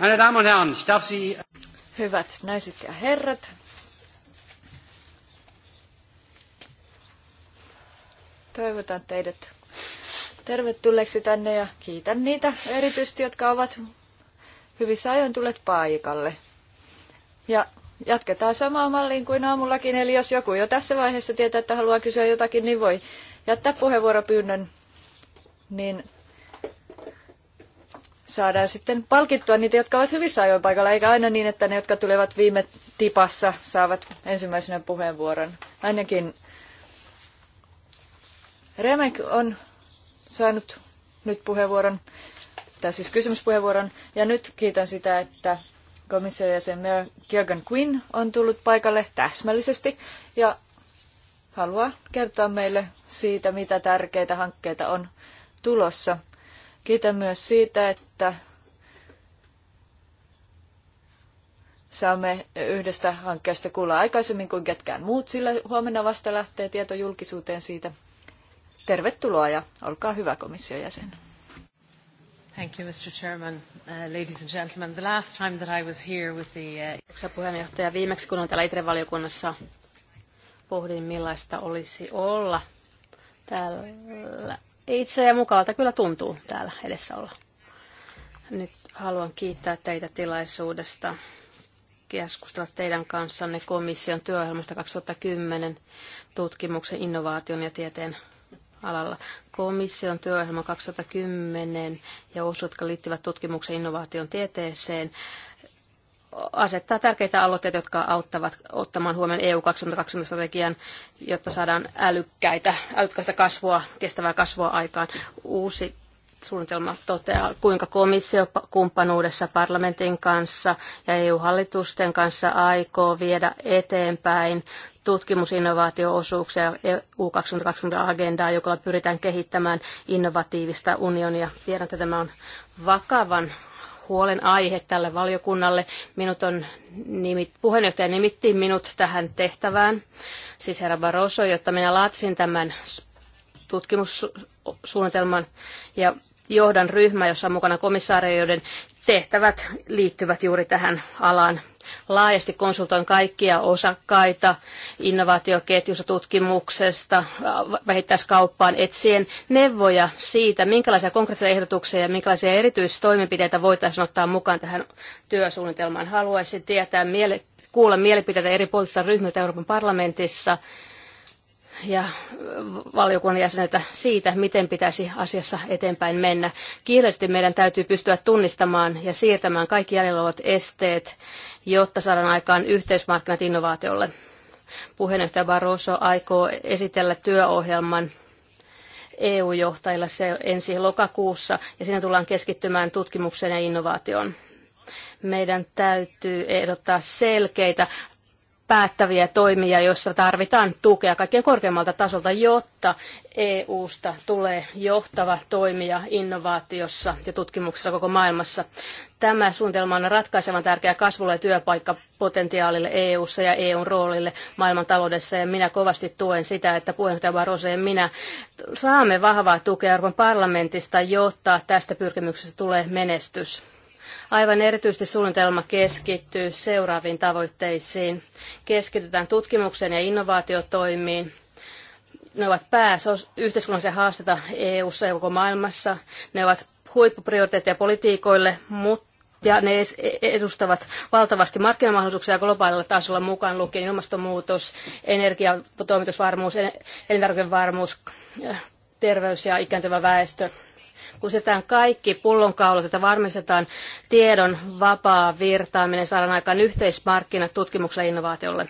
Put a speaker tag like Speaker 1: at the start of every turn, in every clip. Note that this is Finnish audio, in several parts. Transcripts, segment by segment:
Speaker 1: Meine Damen und Herren, ich darf Sie... Hyvät naiset ja herrat, toivotan teidät tervetulleeksi tänne ja kiitän niitä erityisesti, jotka ovat hyvissä ajoin tulleet paikalle. Ja jatketaan samaan malliin kuin aamullakin, eli jos joku jo tässä vaiheessa tietää, että haluaa kysyä jotakin, niin voi jättää puheenvuoropyynnön, niin saadaan sitten palkittua niitä, jotka ovat hyvissä ajoin paikalla, eikä aina niin, että ne, jotka tulevat viime tipassa, saavat ensimmäisenä puheenvuoron. Ainakin Remek on saanut nyt puheenvuoron, tai siis kysymyspuheenvuoron, ja nyt kiitän sitä, että komission jäsen Kjörgen Quinn on tullut paikalle täsmällisesti ja haluaa kertoa meille siitä, mitä tärkeitä hankkeita on tulossa – Kiitän myös siitä, että saamme yhdestä hankkeesta kuulla aikaisemmin kuin ketkään muut, sillä huomenna vasta lähtee tieto julkisuuteen siitä. Tervetuloa ja olkaa hyvä komission jäsen.
Speaker 2: Thank you, Mr. Chairman. Uh, ladies and gentlemen, the last time that I was here with the... Uh... puheenjohtaja, viimeksi kun olin täällä ITRE-valiokunnassa, pohdin millaista olisi olla täällä itse ja mukavalta kyllä tuntuu täällä edessä olla. Nyt haluan kiittää teitä tilaisuudesta keskustella teidän kanssanne komission työohjelmasta 2010 tutkimuksen, innovaation ja tieteen alalla. Komission työohjelma 2010 ja osuutka liittyvät tutkimuksen, innovaation tieteeseen asettaa tärkeitä aloitteita, jotka auttavat ottamaan huomioon EU 2020-strategian, jotta saadaan älykkäitä, älykkäistä kasvua, kestävää kasvua aikaan. Uusi suunnitelma toteaa, kuinka komissio kumppanuudessa parlamentin kanssa ja EU-hallitusten kanssa aikoo viedä eteenpäin tutkimusinnovaatioosuuksia EU 2020-agendaa, jolla pyritään kehittämään innovatiivista unionia. Tiedän, että tämä on vakavan huolenaihe tälle valiokunnalle. Minut on nimit, puheenjohtaja nimitti minut tähän tehtävään, siis herra Barroso, jotta minä laatsin tämän tutkimussuunnitelman ja johdan ryhmä, jossa on mukana komissaarioiden tehtävät liittyvät juuri tähän alaan. Laajasti konsultoin kaikkia osakkaita innovaatioketjussa tutkimuksesta, vähittäiskauppaan etsien neuvoja siitä, minkälaisia konkreettisia ehdotuksia ja minkälaisia erityistoimenpiteitä voitaisiin ottaa mukaan tähän työsuunnitelmaan. Haluaisin tietää, kuulla mielipiteitä eri poliittisilta ryhmiltä Euroopan parlamentissa ja äh, valiokunnan jäseneltä siitä, miten pitäisi asiassa eteenpäin mennä. Kiireesti meidän täytyy pystyä tunnistamaan ja siirtämään kaikki jäljellä olevat esteet, jotta saadaan aikaan yhteismarkkinat innovaatiolle. Puheenjohtaja Barroso aikoo esitellä työohjelman EU-johtajilla se ensi lokakuussa, ja siinä tullaan keskittymään tutkimukseen ja innovaatioon meidän täytyy ehdottaa selkeitä päättäviä toimia, joissa tarvitaan tukea kaikkein korkeammalta tasolta, jotta EUsta tulee johtava toimija innovaatiossa ja tutkimuksessa koko maailmassa. Tämä suunnitelma on ratkaisevan tärkeä kasvulle ja työpaikkapotentiaalille EUssa ja EUn roolille maailmantaloudessa ja minä kovasti tuen sitä, että puheenjohtaja Barroso ja minä saamme vahvaa tukea Euroopan parlamentista, jotta tästä pyrkimyksestä tulee menestys. Aivan erityisesti suunnitelma keskittyy seuraaviin tavoitteisiin. Keskitytään tutkimukseen ja innovaatiotoimiin. Ne ovat pääsos yhteiskunnallisia haasteita EU-ssa ja koko maailmassa. Ne ovat huippuprioriteetteja politiikoille, mutta ja ne e-, edustavat valtavasti markkinamahdollisuuksia globaalilla tasolla mukaan lukien ilmastonmuutos, energiatoimitusvarmuus, e-, elintarvikevarmuus, terveys ja ikääntyvä väestö kun setään kaikki pullonkaulat, että varmistetaan tiedon vapaa virtaaminen, saadaan aikaan yhteismarkkinat tutkimukselle innovaatiolle.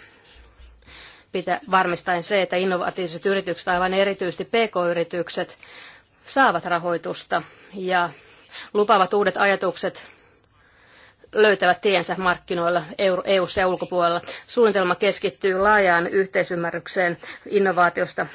Speaker 2: Pitää varmistaa se, että innovatiiviset yritykset, aivan erityisesti pk-yritykset, saavat rahoitusta ja lupavat uudet ajatukset löytävät tiensä markkinoilla EU-ssa e ja ulkopuolella. Suunnitelma keskittyy laajaan yhteisymmärrykseen innovaatiosta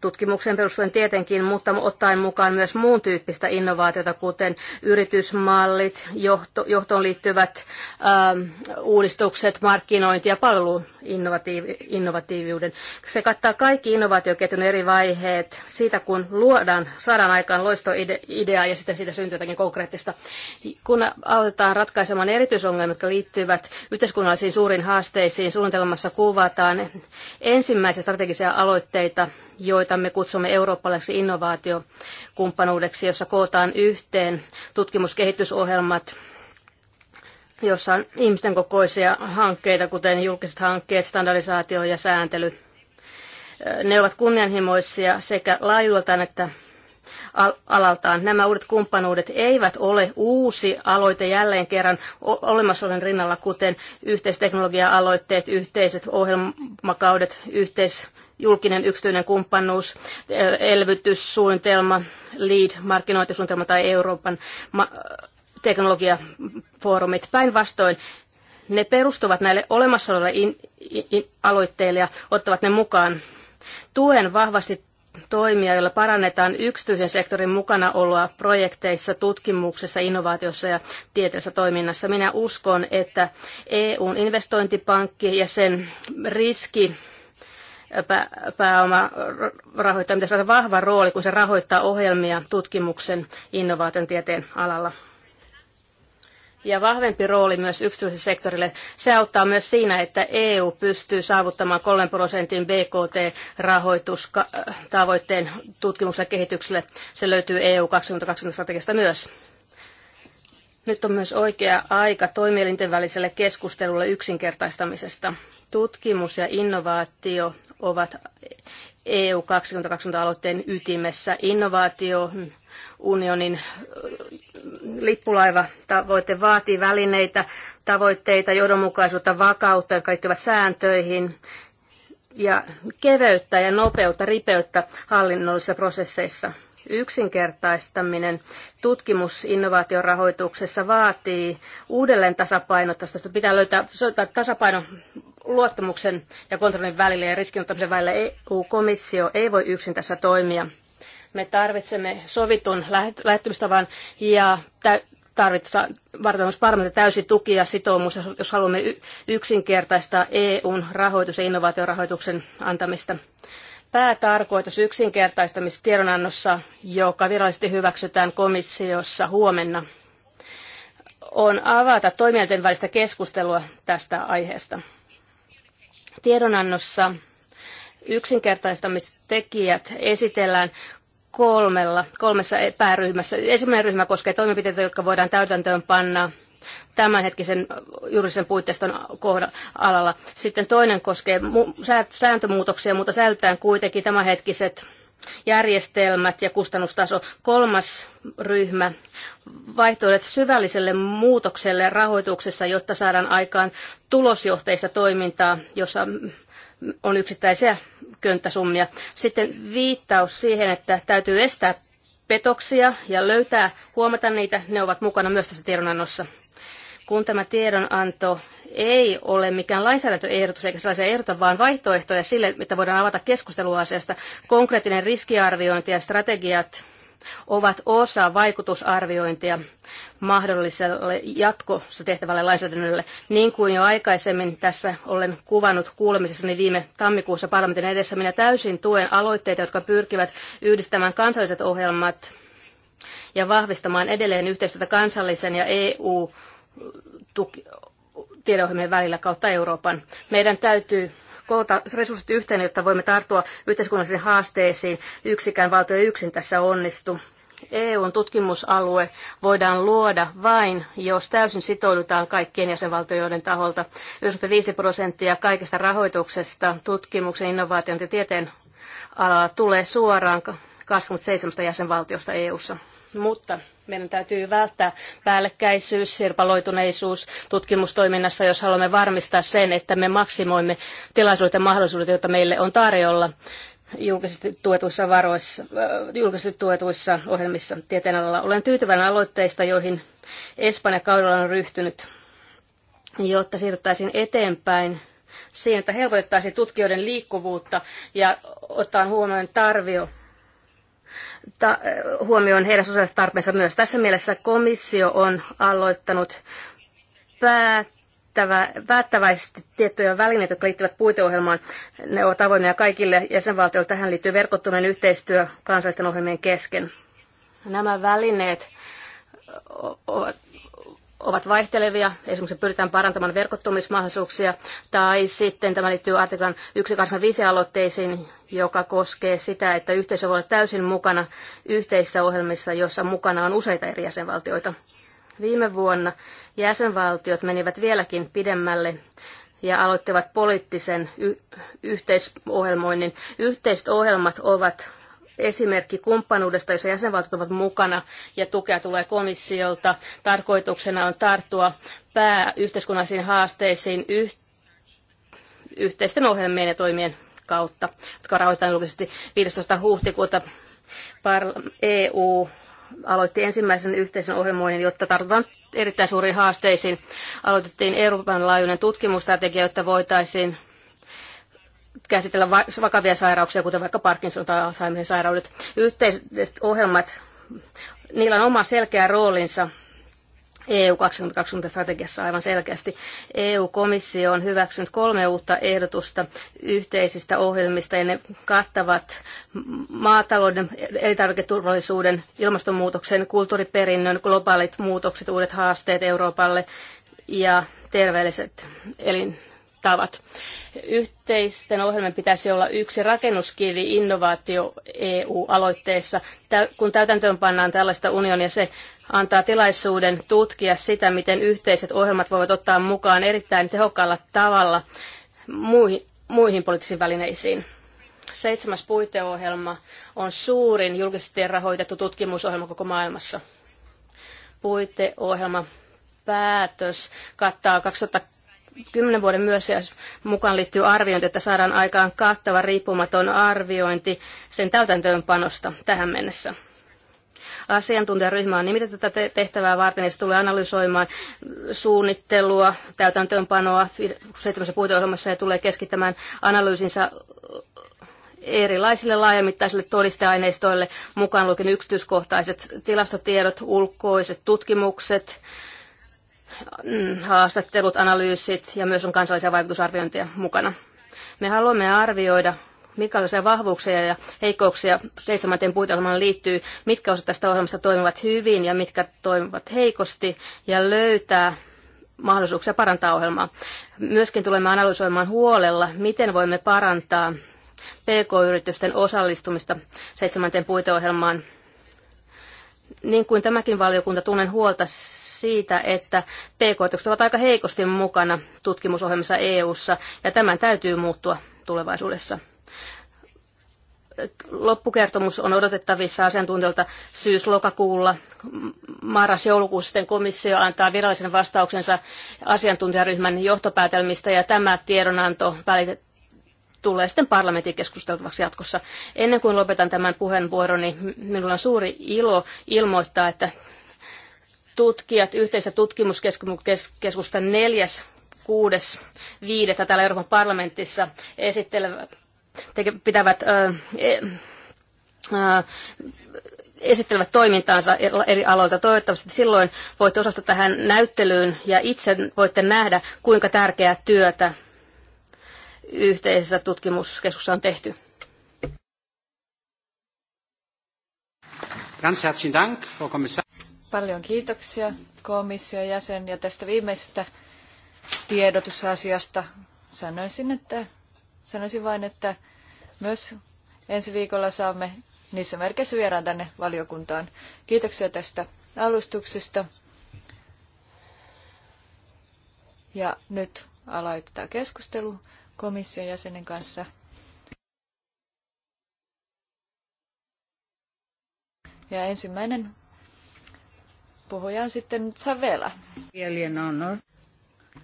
Speaker 2: tutkimukseen perustuen tietenkin, mutta ottaen mukaan myös muun tyyppistä innovaatiota, kuten yritysmallit, johto, johtoon liittyvät ähm, uudistukset, markkinointi ja palveluinnovatiiviuden. Se kattaa kaikki innovaatioketjun eri vaiheet siitä, kun luodaan, saadaan aikaan loistoidea ja sitten siitä syntyy jotakin konkreettista. Kun autetaan ratkaisemaan erityisongelmia, jotka liittyvät yhteiskunnallisiin suuriin haasteisiin, suunnitelmassa kuvataan ensimmäisiä strategisia aloitteita, joita me kutsumme eurooppalaiseksi innovaatiokumppanuudeksi, jossa kootaan yhteen tutkimuskehitysohjelmat, jossa on ihmisten kokoisia hankkeita, kuten julkiset hankkeet, standardisaatio ja sääntely. Ne ovat kunnianhimoisia sekä laajuudeltaan että alaltaan. Nämä uudet kumppanuudet eivät ole uusi aloite jälleen kerran olemassa rinnalla, kuten yhteisteknologia-aloitteet, yhteiset ohjelmakaudet, yhteis julkinen yksityinen kumppanuus, eh, elvytyssuunnitelma, LEAD-markkinointisuunnitelma tai Euroopan ma- teknologiafoorumit. Päinvastoin ne perustuvat näille olemassa oleville aloitteille ja ottavat ne mukaan. Tuen vahvasti toimia, joilla parannetaan yksityisen sektorin mukanaoloa projekteissa, tutkimuksessa, innovaatiossa ja tieteellisessä toiminnassa. Minä uskon, että EUn investointipankki ja sen riski pääoma rahoittaa, mitä vahva rooli, kun se rahoittaa ohjelmia tutkimuksen innovaation tieteen alalla. Ja vahvempi rooli myös yksityiselle sektorille. Se auttaa myös siinä, että EU pystyy saavuttamaan 3 prosentin BKT-rahoitustavoitteen tutkimuksen kehitykselle. Se löytyy EU 2020-strategiasta myös. Nyt on myös oikea aika toimielinten väliselle keskustelulle yksinkertaistamisesta. Tutkimus ja innovaatio ovat EU 2020 aloitteen ytimessä. Innovaatio unionin lippulaiva tavoite vaatii välineitä, tavoitteita, johdonmukaisuutta, vakautta, jotka liittyvät sääntöihin ja keveyttä ja nopeutta, ripeyttä hallinnollisissa prosesseissa. Yksinkertaistaminen tutkimusinnovaatiorahoituksessa vaatii uudelleen tasapainotusta. Sitä pitää löytää tasapaino luottamuksen ja kontrollin välillä ja riskinottamisen välillä EU-komissio ei voi yksin tässä toimia. Me tarvitsemme sovitun lähettämistavan ja tarvitaan vartenusparmentin täysi tuki ja sitoumus, jos haluamme yksinkertaistaa EUn rahoitus- ja innovaatiorahoituksen antamista. Päätarkoitus yksinkertaistamistiedonannossa, joka virallisesti hyväksytään komissiossa huomenna, on avata toimijoiden välistä keskustelua tästä aiheesta. Tiedonannossa yksinkertaistamistekijät esitellään kolmella, kolmessa pääryhmässä. Ensimmäinen ryhmä koskee toimenpiteitä, jotka voidaan täytäntöön panna tämänhetkisen juridisen puitteiston kohdalla alalla. Sitten toinen koskee sääntömuutoksia, mutta säilytetään kuitenkin tämänhetkiset järjestelmät ja kustannustaso. Kolmas ryhmä, vaihtoehdot syvälliselle muutokselle rahoituksessa, jotta saadaan aikaan tulosjohteista toimintaa, jossa on yksittäisiä könttäsummia. Sitten viittaus siihen, että täytyy estää petoksia ja löytää, huomata niitä, ne ovat mukana myös tässä tiedonannossa. Kun tämä tiedonanto ei ole mikään lainsäädäntöehdotus eikä sellaisia ehdota, vaan vaihtoehtoja sille, että voidaan avata keskustelua asiasta. Konkreettinen riskiarviointi ja strategiat ovat osa vaikutusarviointia mahdolliselle jatkossa tehtävälle lainsäädännölle. Niin kuin jo aikaisemmin tässä olen kuvannut kuulemisessani viime tammikuussa parlamentin edessä, minä täysin tuen aloitteita, jotka pyrkivät yhdistämään kansalliset ohjelmat ja vahvistamaan edelleen yhteistyötä kansallisen ja EU-tuki tiedeohjelmien välillä kautta Euroopan. Meidän täytyy koota resurssit yhteen, jotta voimme tarttua yhteiskunnallisiin haasteisiin. Yksikään valtio ei yksin tässä onnistu. EUn tutkimusalue voidaan luoda vain, jos täysin sitoudutaan kaikkien jäsenvaltioiden taholta. 95 prosenttia kaikesta rahoituksesta tutkimuksen, innovaation ja tieteen alalla tulee suoraan 27 jäsenvaltiosta EUssa. Mutta meidän täytyy välttää päällekkäisyys, sirpaloituneisuus tutkimustoiminnassa, jos haluamme varmistaa sen, että me maksimoimme tilaisuudet ja mahdollisuudet, joita meille on tarjolla julkisesti tuetuissa, varoissa, äh, julkisesti tuetuissa ohjelmissa tieteenalalla. Olen tyytyväinen aloitteista, joihin Espanja kaudella on ryhtynyt, jotta siirryttäisiin eteenpäin siinä, että helpotettaisiin tutkijoiden liikkuvuutta ja ottaen huomioon tarvio, ta- huomioon heidän sosiaaliset tarpeensa myös. Tässä mielessä komissio on aloittanut päättävä, päättäväisesti tiettyjä välineitä, jotka liittyvät puiteohjelmaan. Ne ovat avoimia kaikille jäsenvaltioille. Tähän liittyy verkottuminen yhteistyö kansallisten ohjelmien kesken. Nämä välineet ovat ovat vaihtelevia. Esimerkiksi pyritään parantamaan verkottumismahdollisuuksia. Tai sitten tämä liittyy artiklan 1.25 aloitteisiin, joka koskee sitä, että yhteisö voi olla täysin mukana yhteisissä ohjelmissa, joissa mukana on useita eri jäsenvaltioita. Viime vuonna jäsenvaltiot menivät vieläkin pidemmälle ja aloittivat poliittisen y- yhteisohjelmoinnin. Yhteiset ohjelmat ovat esimerkki kumppanuudesta, jossa jäsenvaltiot ovat mukana ja tukea tulee komissiolta. Tarkoituksena on tarttua pääyhteiskunnallisiin haasteisiin yh- yhteisten ohjelmien ja toimien kautta, jotka rahoitetaan julkisesti 15. huhtikuuta EU aloitti ensimmäisen yhteisen ohjelmoinnin, jotta tartutaan erittäin suuriin haasteisiin. Aloitettiin Euroopan laajuinen tutkimusstrategia, jotta voitaisiin käsitellä vakavia sairauksia, kuten vaikka Parkinson tai Alzheimerin sairaudet. Yhteiset ohjelmat, niillä on oma selkeä roolinsa EU 2020 strategiassa aivan selkeästi. EU-komissio on hyväksynyt kolme uutta ehdotusta yhteisistä ohjelmista ja ne kattavat maatalouden, elintarviketurvallisuuden, ilmastonmuutoksen, kulttuuriperinnön, globaalit muutokset, uudet haasteet Euroopalle ja terveelliset elin tavat. Yhteisten ohjelmien pitäisi olla yksi rakennuskivi innovaatio EU-aloitteessa. Kun täytäntöön pannaan tällaista unionia, se antaa tilaisuuden tutkia sitä, miten yhteiset ohjelmat voivat ottaa mukaan erittäin tehokkaalla tavalla muihin, muihin poliittisiin välineisiin. Seitsemäs puiteohjelma on suurin julkisesti rahoitettu tutkimusohjelma koko maailmassa. Puiteohjelma päätös kattaa 2000 kymmenen vuoden myös ja mukaan liittyy arviointi, että saadaan aikaan kattava riippumaton arviointi sen täytäntöönpanosta tähän mennessä. Asiantuntijaryhmä on nimitetty tätä tehtävää varten ja se tulee analysoimaan suunnittelua, täytäntöönpanoa seitsemässä puiteohjelmassa ja tulee keskittämään analyysinsä erilaisille laajamittaisille todisteaineistoille, mukaan lukien yksityiskohtaiset tilastotiedot, ulkoiset tutkimukset, Mm, haastattelut, analyysit ja myös on kansallisia vaikutusarviointeja mukana. Me haluamme arvioida minkälaisia vahvuuksia ja heikkouksia seitsemänteen puitelmaan liittyy, mitkä osat tästä ohjelmasta toimivat hyvin ja mitkä toimivat heikosti ja löytää mahdollisuuksia parantaa ohjelmaa. Myöskin tulemme analysoimaan huolella, miten voimme parantaa PK-yritysten osallistumista seitsemänteen puiteohjelmaan niin kuin tämäkin valiokunta, tunnen huolta siitä, että pk ovat aika heikosti mukana tutkimusohjelmassa EU-ssa, ja tämän täytyy muuttua tulevaisuudessa. Loppukertomus on odotettavissa asiantuntijoilta syys-lokakuulla. Marras-joulukuussa sitten komissio antaa virallisen vastauksensa asiantuntijaryhmän johtopäätelmistä, ja tämä tiedonanto välitetään tulee sitten parlamentin keskusteltavaksi jatkossa. Ennen kuin lopetan tämän puheenvuoron, niin minulla on suuri ilo ilmoittaa, että tutkijat yhteistä tutkimuskeskustan neljäs kuudes viidettä täällä Euroopan parlamentissa esittelevät, pitävät e- esittelevät toimintaansa eri aloilta. Toivottavasti silloin voitte osastua tähän näyttelyyn ja itse voitte nähdä, kuinka tärkeää työtä yhteisessä
Speaker 1: tutkimuskeskuksessa on tehty.
Speaker 3: Ganz herzlichen Dank, Frau Kommissar.
Speaker 1: Paljon kiitoksia komission jäsen ja tästä viimeisestä tiedotusasiasta. Sanoisin, että, sanoisin vain, että myös ensi viikolla saamme niissä merkeissä vieraan tänne valiokuntaan. Kiitoksia tästä alustuksesta. Ja nyt aloitetaan keskustelu komission jäsenen kanssa. Ja ensimmäinen puhuja on sitten Savela.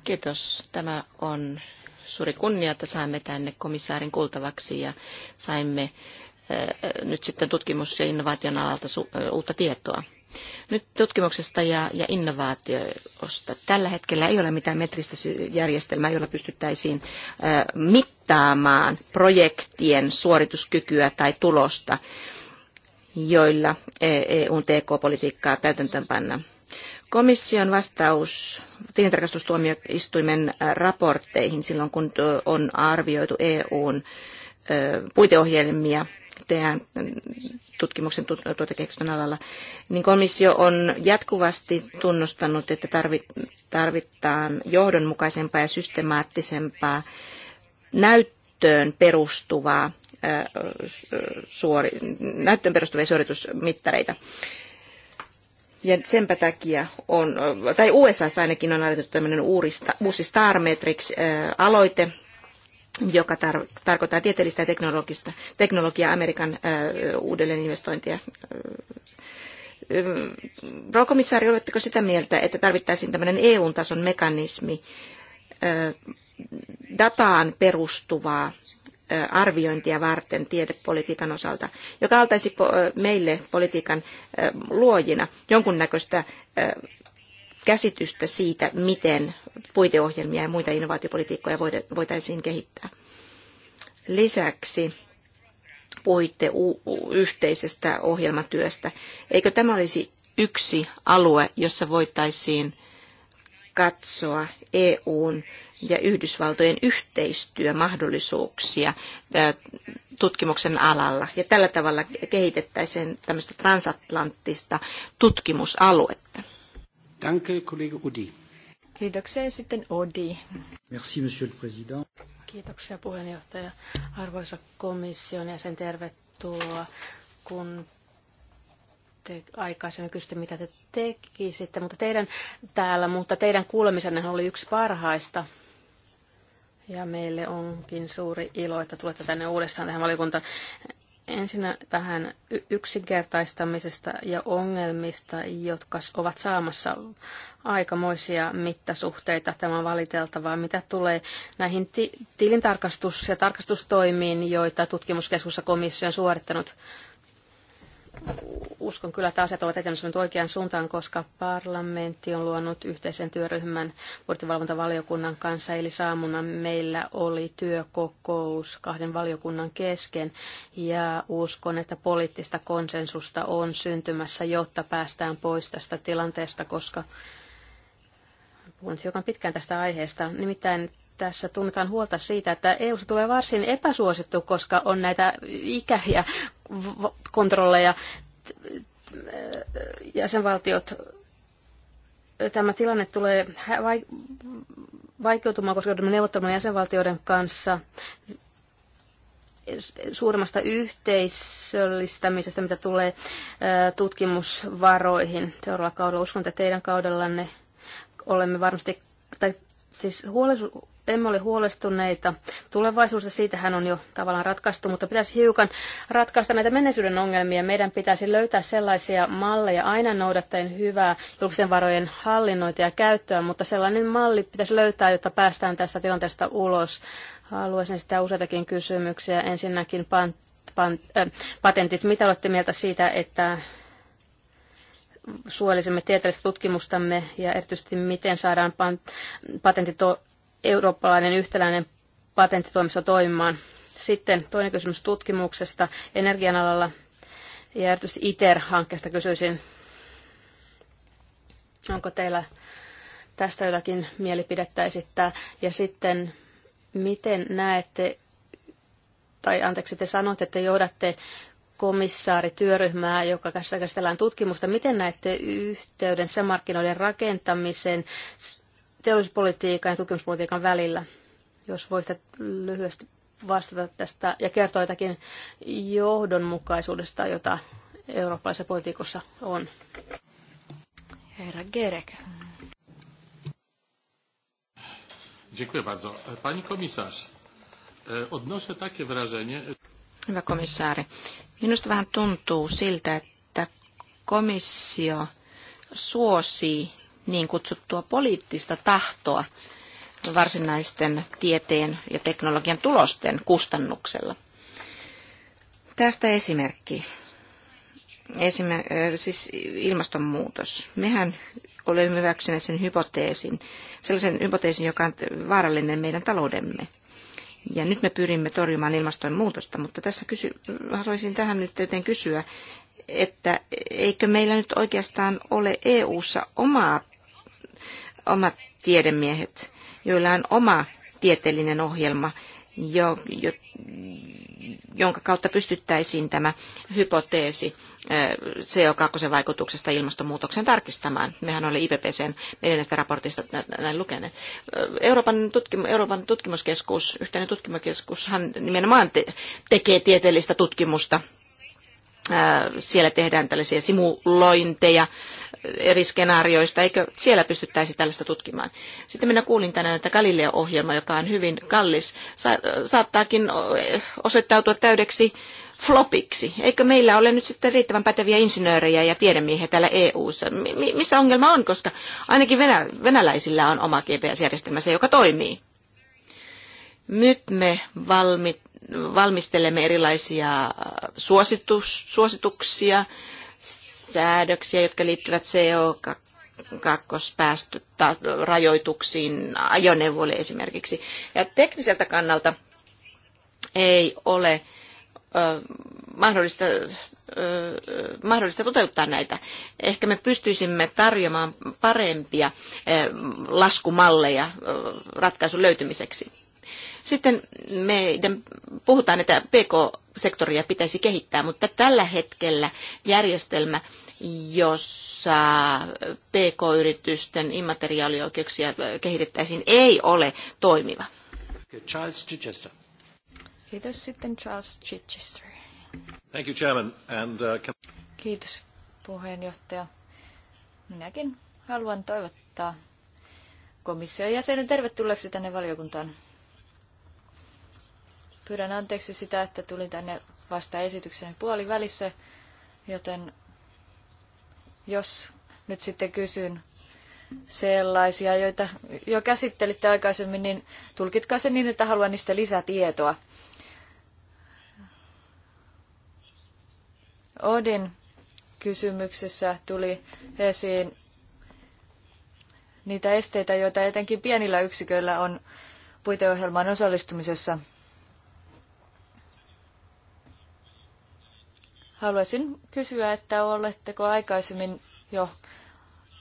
Speaker 3: Kiitos. Tämä on suuri kunnia, että saimme tänne komissaarin kuultavaksi ja saimme eh, nyt sitten tutkimus- ja innovaation alalta eh, uutta tietoa. Nyt tutkimuksesta ja, ja innovaatiosta. Tällä hetkellä ei ole mitään metristä järjestelmää, jolla pystyttäisiin mittaamaan projektien suorituskykyä tai tulosta, joilla EUn e TK-politiikkaa täytäntöönpannaan. Komission vastaus tilintarkastustuomioistuimen raportteihin silloin, kun on arvioitu EUn puiteohjelmia tehdään tutkimuksen tuotekehityksen alalla, niin komissio on jatkuvasti tunnustanut, että tarvitaan johdonmukaisempaa ja systemaattisempaa näyttöön perustuvaa suori, näyttöön perustuvia suoritusmittareita. Ja senpä takia on, tai USA ainakin on aloitettu tämmöinen uusi Star Matrix-aloite, joka tar- tarkoittaa tieteellistä ja teknologista, teknologiaa Amerikan ö, uudelleeninvestointia. Prokomissaari, oletteko sitä mieltä, että tarvittaisiin tämmöinen EU-tason mekanismi ö, dataan perustuvaa arviointia varten tiedepolitiikan osalta, joka altaisi meille politiikan luojina jonkunnäköistä käsitystä siitä, miten puiteohjelmia ja muita innovaatiopolitiikkoja voitaisiin kehittää. Lisäksi puhuitte yhteisestä ohjelmatyöstä. Eikö tämä olisi yksi alue, jossa voitaisiin katsoa EUn ja Yhdysvaltojen yhteistyömahdollisuuksia tutkimuksen alalla. Ja tällä tavalla kehitettäisiin tämmöistä transatlanttista tutkimusaluetta. Danke, kollega Udi.
Speaker 2: Kiitoksia sitten Odi.
Speaker 1: Merci, monsieur le président.
Speaker 2: Kiitoksia puheenjohtaja. Arvoisa komission jäsen, tervetuloa. Kun te aikaisemmin kysytte, mitä te tekisitte, mutta teidän täällä, mutta teidän kuulemisenne oli yksi parhaista. Ja meille onkin suuri ilo, että tulette tänne uudestaan tähän valiokuntaan. Ensinnä vähän yksinkertaistamisesta ja ongelmista, jotka ovat saamassa aikamoisia mittasuhteita. Tämä on valiteltavaa, mitä tulee näihin ti- tilintarkastus- ja tarkastustoimiin, joita tutkimuskeskus komissio on suorittanut uskon kyllä, että asiat ovat etenemässä oikeaan suuntaan, koska parlamentti on luonut yhteisen työryhmän budjettivalvontavaliokunnan kanssa. Eli saamuna meillä oli työkokous kahden valiokunnan kesken ja uskon, että poliittista konsensusta on syntymässä, jotta päästään pois tästä tilanteesta, koska puhun hiukan pitkään tästä aiheesta. Nimittäin tässä tunnetaan huolta siitä, että EU tulee varsin epäsuosittu, koska on näitä ikäviä kontrolleja. Jäsenvaltiot, tämä tilanne tulee vaikeutumaan, koska joudumme neuvottelemaan jäsenvaltioiden kanssa suuremmasta yhteisöllistämisestä, mitä tulee tutkimusvaroihin seuraavalla kaudella. Uskon, että teidän kaudellanne olemme varmasti, tai siis emme ole huolestuneita ja siitähän on jo tavallaan ratkaistu, mutta pitäisi hiukan ratkaista näitä menneisyyden ongelmia. Meidän pitäisi löytää sellaisia malleja aina noudattaen hyvää julkisen varojen hallinnointia ja käyttöä, mutta sellainen malli pitäisi löytää, jotta päästään tästä tilanteesta ulos. Haluaisin sitä useitakin kysymyksiä. Ensinnäkin pan, pan, äh, patentit. Mitä olette mieltä siitä, että suojelisimme tieteellistä tutkimustamme ja erityisesti miten saadaan pan, patentit eurooppalainen yhtäläinen patenttitoimisto toimimaan. Sitten toinen kysymys tutkimuksesta energian alalla ja erityisesti ITER-hankkeesta kysyisin, onko teillä tästä jotakin mielipidettä esittää. Ja sitten, miten näette, tai anteeksi, te sanotte, että johdatte komissaarityöryhmää, joka käsitellään tutkimusta. Miten näette yhteyden sen markkinoiden rakentamisen teollisuuspolitiikan ja tutkimuspolitiikan välillä, jos voisit lyhyesti vastata tästä ja kertoa jotakin johdonmukaisuudesta, jota eurooppalaisessa politiikassa on. Herra Gerek.
Speaker 1: Dziękuję bardzo. Pani komisarz, e, odnoszę takie wrażenie...
Speaker 3: Hyvä komissaari. Minusta vähän tuntuu siltä, että komissio suosii niin kutsuttua poliittista tahtoa varsinaisten tieteen ja teknologian tulosten kustannuksella. Tästä esimerkki. Esimer- siis ilmastonmuutos. Mehän olemme hyväksyneet sen hypoteesin, sellaisen hypoteesin, joka on vaarallinen meidän taloudemme. Ja nyt me pyrimme torjumaan ilmastonmuutosta, mutta tässä kysy- haluaisin tähän nyt joten kysyä, että eikö meillä nyt oikeastaan ole EU-ssa omaa omat tiedemiehet, joilla on oma tieteellinen ohjelma, jo, jo, jonka kautta pystyttäisiin tämä hypoteesi CO2-vaikutuksesta ilmastonmuutoksen tarkistamaan. Mehän olemme IPPCn edellisestä raportista näin lukeneet. Euroopan, tutkim- Euroopan tutkimuskeskus, yhteinen tutkimuskeskushan nimenomaan te- tekee tieteellistä tutkimusta siellä tehdään tällaisia simulointeja eri skenaarioista, eikö siellä pystyttäisi tällaista tutkimaan. Sitten minä kuulin tänään, että Galileo-ohjelma, joka on hyvin kallis, saattaakin osoittautua täydeksi flopiksi. Eikö meillä ole nyt sitten riittävän päteviä insinöörejä ja tiedemiehiä täällä EU-ssa? missä ongelma on, koska ainakin venä- venäläisillä on oma GPS-järjestelmänsä, joka toimii. Nyt me valmi- valmistelemme erilaisia äh, suositus, suosituksia, säädöksiä, jotka liittyvät CO2-rajoituksiin ajoneuvoille esimerkiksi. Ja tekniseltä kannalta ei ole ö, mahdollista, ö, mahdollista toteuttaa näitä. Ehkä me pystyisimme tarjoamaan parempia ö, laskumalleja ö, ratkaisun löytymiseksi sitten meidän puhutaan, että PK-sektoria pitäisi kehittää, mutta tällä hetkellä järjestelmä, jossa PK-yritysten immateriaalioikeuksia kehitettäisiin, ei ole toimiva.
Speaker 2: Charles Chichester.
Speaker 1: Kiitos sitten Charles Chichester.
Speaker 3: Thank you, Chairman. And, uh, can...
Speaker 1: Kiitos puheenjohtaja. Minäkin haluan toivottaa komission jäsenen tervetulleeksi tänne valiokuntaan. Pyydän anteeksi sitä, että tulin tänne vasta esityksen puolivälissä, joten jos nyt sitten kysyn sellaisia, joita jo käsittelitte aikaisemmin, niin tulkitkaa se niin, että haluan niistä lisätietoa. Odin kysymyksessä tuli esiin niitä esteitä, joita etenkin pienillä yksiköillä on puiteohjelman osallistumisessa – Haluaisin kysyä, että oletteko aikaisemmin jo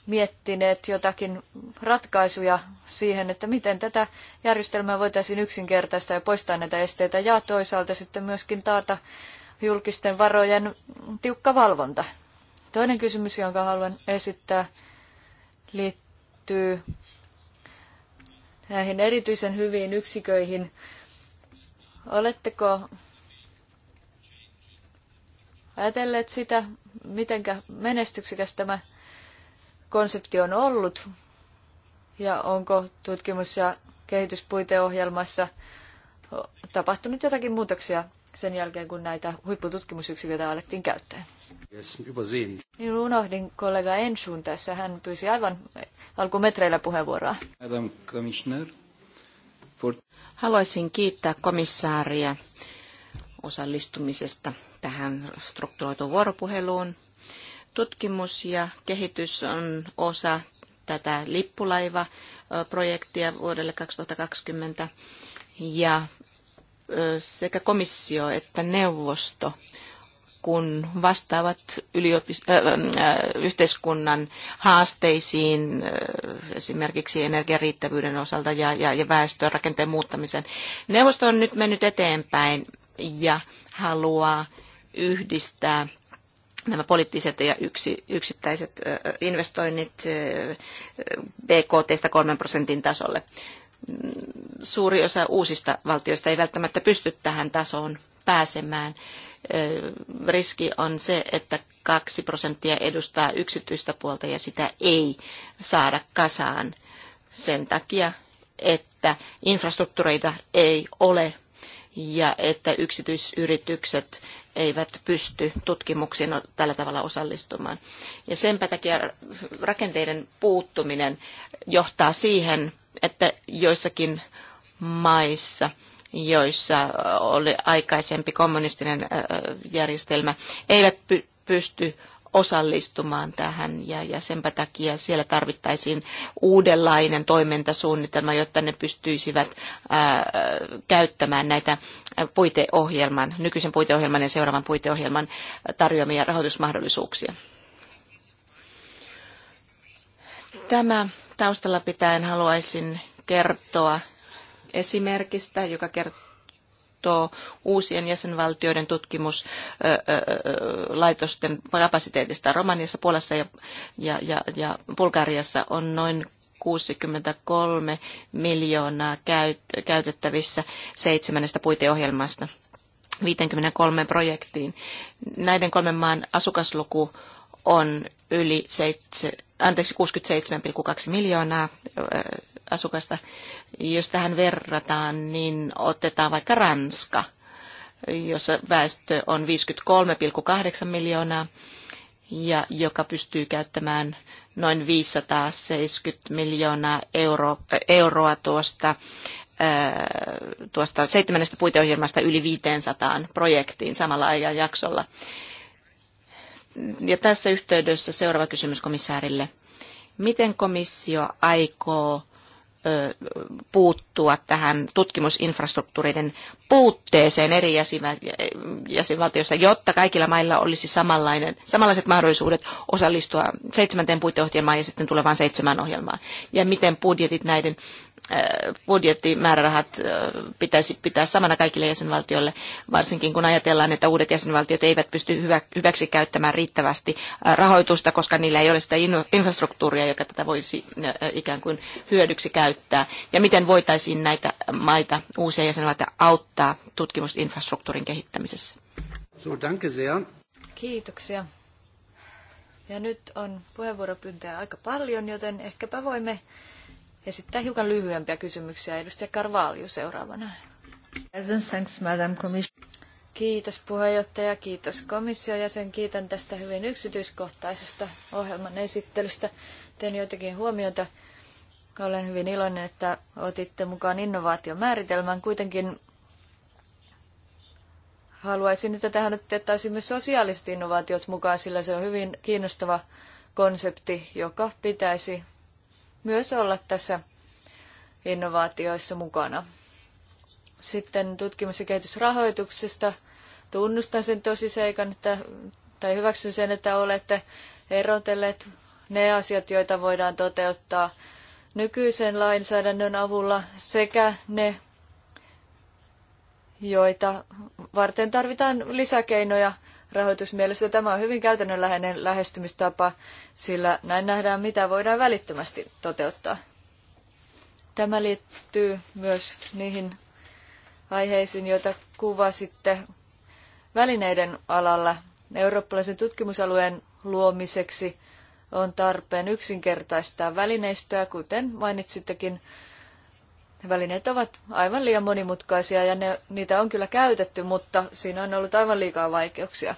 Speaker 1: miettineet jotakin ratkaisuja siihen, että miten tätä järjestelmää voitaisiin yksinkertaistaa ja poistaa näitä esteitä ja toisaalta sitten myöskin taata julkisten varojen tiukka valvonta. Toinen kysymys, jonka haluan esittää, liittyy näihin erityisen hyviin yksiköihin. Oletteko ajatelleet sitä, miten menestyksekäs tämä konsepti on ollut ja onko tutkimus- ja kehityspuiteohjelmassa tapahtunut jotakin muutoksia sen jälkeen, kun näitä huippututkimusyksiköitä alettiin käyttää. Niin unohdin kollega Enshun tässä. Hän pyysi aivan alkumetreillä puheenvuoroa.
Speaker 3: Madam Commissioner, Haluaisin kiittää komissaaria osallistumisesta tähän strukturoituun vuoropuheluun. Tutkimus ja kehitys on osa tätä lippulaivaprojektia vuodelle 2020 ja sekä komissio että neuvosto kun vastaavat yliopist- äh, yhteiskunnan haasteisiin, äh, esimerkiksi energiariittävyyden osalta ja, ja, ja väestörakenteen muuttamisen. Neuvosto on nyt mennyt eteenpäin ja haluaa yhdistää nämä poliittiset ja yksi, yksittäiset investoinnit BKTstä 3 prosentin tasolle. Mm, suuri osa uusista valtioista ei välttämättä pysty tähän tasoon pääsemään. Riski on se, että kaksi prosenttia edustaa yksityistä puolta ja sitä ei saada kasaan sen takia, että infrastruktuureita ei ole ja että yksityisyritykset eivät pysty tutkimuksiin tällä tavalla osallistumaan. Ja senpä takia rakenteiden puuttuminen johtaa siihen, että joissakin maissa joissa oli aikaisempi kommunistinen järjestelmä, eivät pysty osallistumaan tähän ja, ja senpä takia siellä tarvittaisiin uudenlainen toimintasuunnitelma, jotta ne pystyisivät ää, käyttämään näitä puiteohjelman, nykyisen puiteohjelman ja seuraavan puiteohjelman tarjoamia rahoitusmahdollisuuksia. Tämä taustalla pitäen haluaisin kertoa esimerkistä, joka kertoo kertoo uusien jäsenvaltioiden tutkimuslaitosten kapasiteetista. Romaniassa, Puolassa ja, ja, ja, ja Bulgariassa on noin 63 miljoonaa käytettävissä seitsemännestä puiteohjelmasta 53 projektiin. Näiden kolmen maan asukasluku on yli 7, anteeksi, 67,2 miljoonaa asukasta. Jos tähän verrataan, niin otetaan vaikka Ranska, jossa väestö on 53,8 miljoonaa ja joka pystyy käyttämään noin 570 miljoonaa euro, euroa tuosta, ää, äh, tuosta seitsemännestä puiteohjelmasta yli 500 projektiin samalla ajanjaksolla. Ja tässä yhteydessä seuraava kysymys komissaarille. Miten komissio aikoo puuttua tähän tutkimusinfrastruktuurien puutteeseen eri jäsenvaltioissa, jotta kaikilla mailla olisi samanlainen, samanlaiset mahdollisuudet osallistua seitsemänteen puiteohjelmaan ja sitten tulevaan seitsemän ohjelmaan. Ja miten budjetit näiden budjettimäärärahat pitäisi pitää samana kaikille jäsenvaltioille, varsinkin kun ajatellaan, että uudet jäsenvaltiot eivät pysty hyväksi käyttämään riittävästi rahoitusta, koska niillä ei ole sitä infrastruktuuria, joka tätä voisi ikään kuin hyödyksi käyttää. Ja miten voitaisiin näitä maita, uusia jäsenvaltioita auttaa tutkimusinfrastruktuurin kehittämisessä?
Speaker 1: So, Kiitoksia. Ja nyt on puheenvuoropyyntöjä aika paljon, joten ehkäpä voimme esittää hiukan lyhyempiä kysymyksiä. Edustaja Carvalho seuraavana. Kiitos puheenjohtaja, kiitos komission jäsen. Kiitän tästä hyvin yksityiskohtaisesta ohjelman esittelystä. Teen joitakin huomioita. Olen hyvin iloinen, että otitte mukaan innovaatiomääritelmän. Kuitenkin haluaisin, että tähän otettaisiin myös sosiaaliset innovaatiot mukaan, sillä se on hyvin kiinnostava konsepti, joka pitäisi myös olla tässä innovaatioissa mukana. Sitten tutkimus- ja kehitysrahoituksesta. Tunnustan sen tosiseikan, että, tai hyväksyn sen, että olette erotelleet ne asiat, joita voidaan toteuttaa nykyisen lainsäädännön avulla sekä ne, joita varten tarvitaan lisäkeinoja rahoitusmielessä. Tämä on hyvin käytännönläheinen lähestymistapa, sillä näin nähdään, mitä voidaan välittömästi toteuttaa. Tämä liittyy myös niihin aiheisiin, joita kuvasitte välineiden alalla. Eurooppalaisen tutkimusalueen luomiseksi on tarpeen yksinkertaistaa välineistöä, kuten mainitsittekin välineet ovat aivan liian monimutkaisia ja ne, niitä on kyllä käytetty, mutta siinä on ollut aivan liikaa vaikeuksia.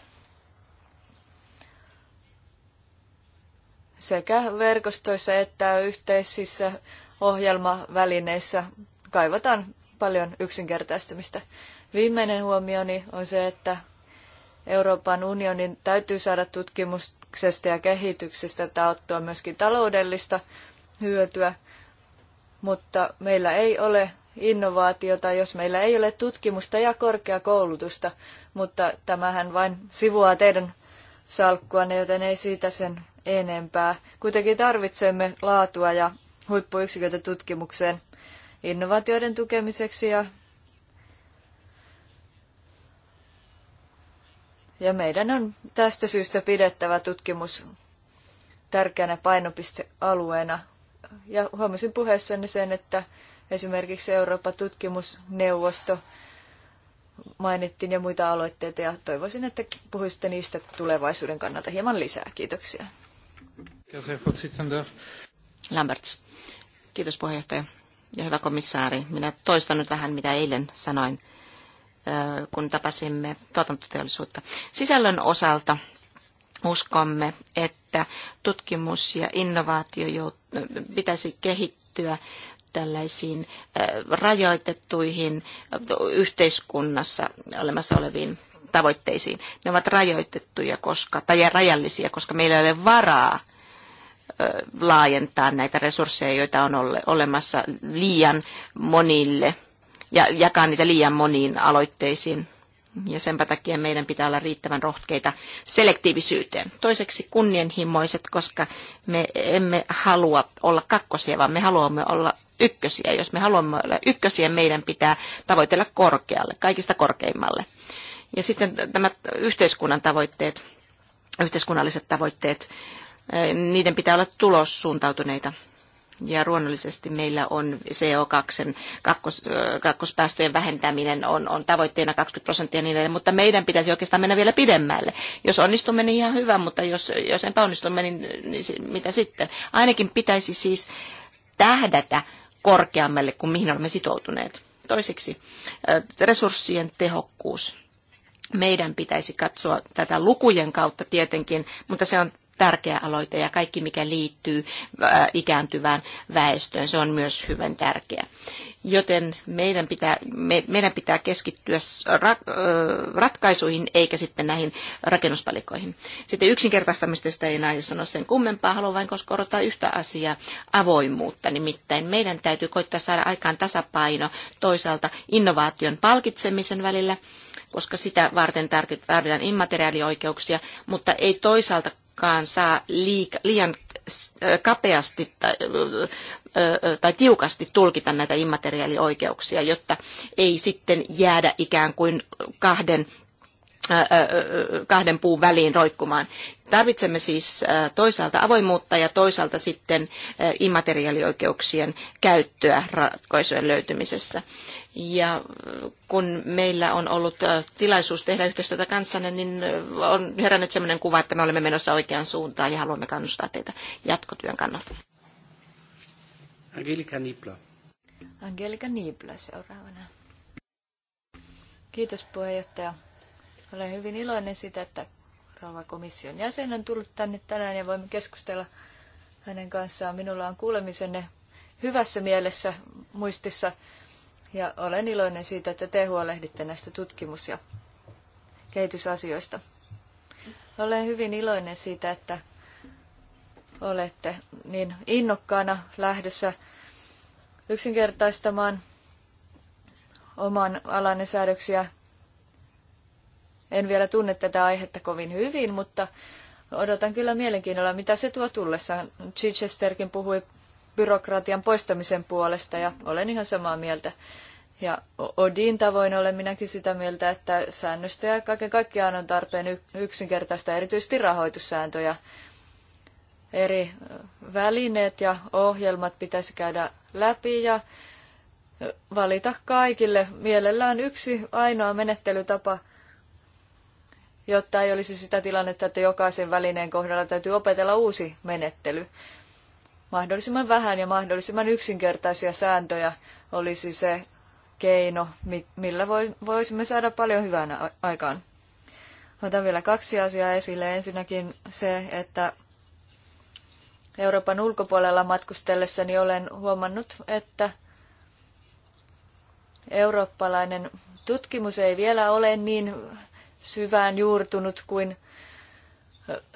Speaker 1: Sekä verkostoissa että yhteisissä ohjelmavälineissä kaivataan paljon yksinkertaistamista. Viimeinen huomioni on se, että Euroopan unionin täytyy saada tutkimuksesta ja kehityksestä tauttua myöskin taloudellista hyötyä – mutta meillä ei ole innovaatiota, jos meillä ei ole tutkimusta ja korkeakoulutusta, mutta tämähän vain sivuaa teidän salkkuanne, joten ei siitä sen enempää. Kuitenkin tarvitsemme laatua ja huippuyksiköitä tutkimukseen innovaatioiden tukemiseksi ja, ja meidän on tästä syystä pidettävä tutkimus tärkeänä painopistealueena ja huomasin puheessanne sen, että esimerkiksi Euroopan tutkimusneuvosto mainittiin ja muita aloitteita ja toivoisin, että puhuisitte niistä tulevaisuuden kannalta hieman lisää. Kiitoksia.
Speaker 3: Lamberts. Kiitos puheenjohtaja ja hyvä komissaari. Minä toistan nyt vähän, mitä eilen sanoin, kun tapasimme tuotantoteollisuutta. Sisällön osalta uskomme, että tutkimus ja innovaatio pitäisi kehittyä tällaisiin äh, rajoitettuihin äh, yhteiskunnassa olemassa oleviin tavoitteisiin. Ne ovat rajoitettuja koska, tai rajallisia, koska meillä ei ole varaa äh, laajentaa näitä resursseja, joita on olemassa liian monille ja jakaa niitä liian moniin aloitteisiin ja sen takia meidän pitää olla riittävän rohkeita selektiivisyyteen. Toiseksi kunnianhimoiset, koska me emme halua olla kakkosia, vaan me haluamme olla ykkösiä. Jos me haluamme olla ykkösiä, meidän pitää tavoitella korkealle, kaikista korkeimmalle. Ja sitten nämä yhteiskunnan tavoitteet, yhteiskunnalliset tavoitteet, eh, niiden pitää olla tulossuuntautuneita. Ja luonnollisesti meillä on CO2 kakkos, kakkospäästöjen vähentäminen on, on tavoitteena 20 prosenttia niin edelleen, mutta meidän pitäisi oikeastaan mennä vielä pidemmälle. Jos onnistumme, niin ihan hyvä, mutta jos, jos epäonnistumme, niin, niin mitä sitten? Ainakin pitäisi siis tähdätä korkeammalle kuin mihin olemme sitoutuneet. Toiseksi resurssien tehokkuus meidän pitäisi katsoa tätä lukujen kautta tietenkin, mutta se on tärkeä aloite ja kaikki mikä liittyy ikääntyvään väestöön, se on myös hyvin tärkeä. Joten meidän pitää, me, meidän pitää keskittyä ra, ratkaisuihin eikä sitten näihin rakennuspalikoihin. Sitten yksinkertaistamisesta ei enää sano sen kummempaa, haluan vain korottaa yhtä asiaa, avoimuutta. Nimittäin meidän täytyy koittaa saada aikaan tasapaino toisaalta innovaation palkitsemisen välillä, koska sitä varten tarvitaan immateriaalioikeuksia, mutta ei toisaalta koskaan saa liian äh, kapeasti äh, äh, tai tiukasti tulkita näitä immateriaalioikeuksia, jotta ei sitten jäädä ikään kuin kahden Äh, äh, kahden puun väliin roikkumaan. Tarvitsemme siis äh, toisaalta avoimuutta ja toisaalta sitten immateriaalioikeuksien käyttöä ratkaisujen löytymisessä. Ja kun meillä on ollut tilaisuus tehdä yhteistyötä kanssanne, niin on herännyt sellainen kuva, että me olemme menossa oikeaan suuntaan ja haluamme kannustaa teitä jatkotyön kannalta.
Speaker 2: Angelika
Speaker 1: Nibla. Angelika Nibla seuraavana. Kiitos puheenjohtaja. Olen hyvin iloinen siitä, että rouva komission jäsen on tullut tänne tänään ja voimme keskustella hänen kanssaan. Minulla on kuulemisenne hyvässä mielessä muistissa ja olen iloinen siitä, että te huolehditte näistä tutkimus- ja kehitysasioista. Olen hyvin iloinen siitä, että olette niin innokkaana lähdössä yksinkertaistamaan oman alanne säädöksiä en vielä tunne tätä aihetta kovin hyvin, mutta odotan kyllä mielenkiinnolla, mitä se tuo tullessaan. Chichesterkin puhui byrokratian poistamisen puolesta ja olen ihan samaa mieltä. Ja Odin tavoin olen minäkin sitä mieltä, että ja kaiken kaikkiaan on tarpeen yksinkertaista, erityisesti rahoitussääntöjä. Eri välineet ja ohjelmat pitäisi käydä läpi ja valita kaikille mielellään yksi ainoa menettelytapa, jotta ei olisi sitä tilannetta, että jokaisen välineen kohdalla täytyy opetella uusi menettely. Mahdollisimman vähän ja mahdollisimman yksinkertaisia sääntöjä olisi se keino, millä voisimme saada paljon hyvää aikaan. Otan vielä kaksi asiaa esille. Ensinnäkin se, että Euroopan ulkopuolella matkustellessani olen huomannut, että eurooppalainen tutkimus ei vielä ole niin syvään juurtunut kuin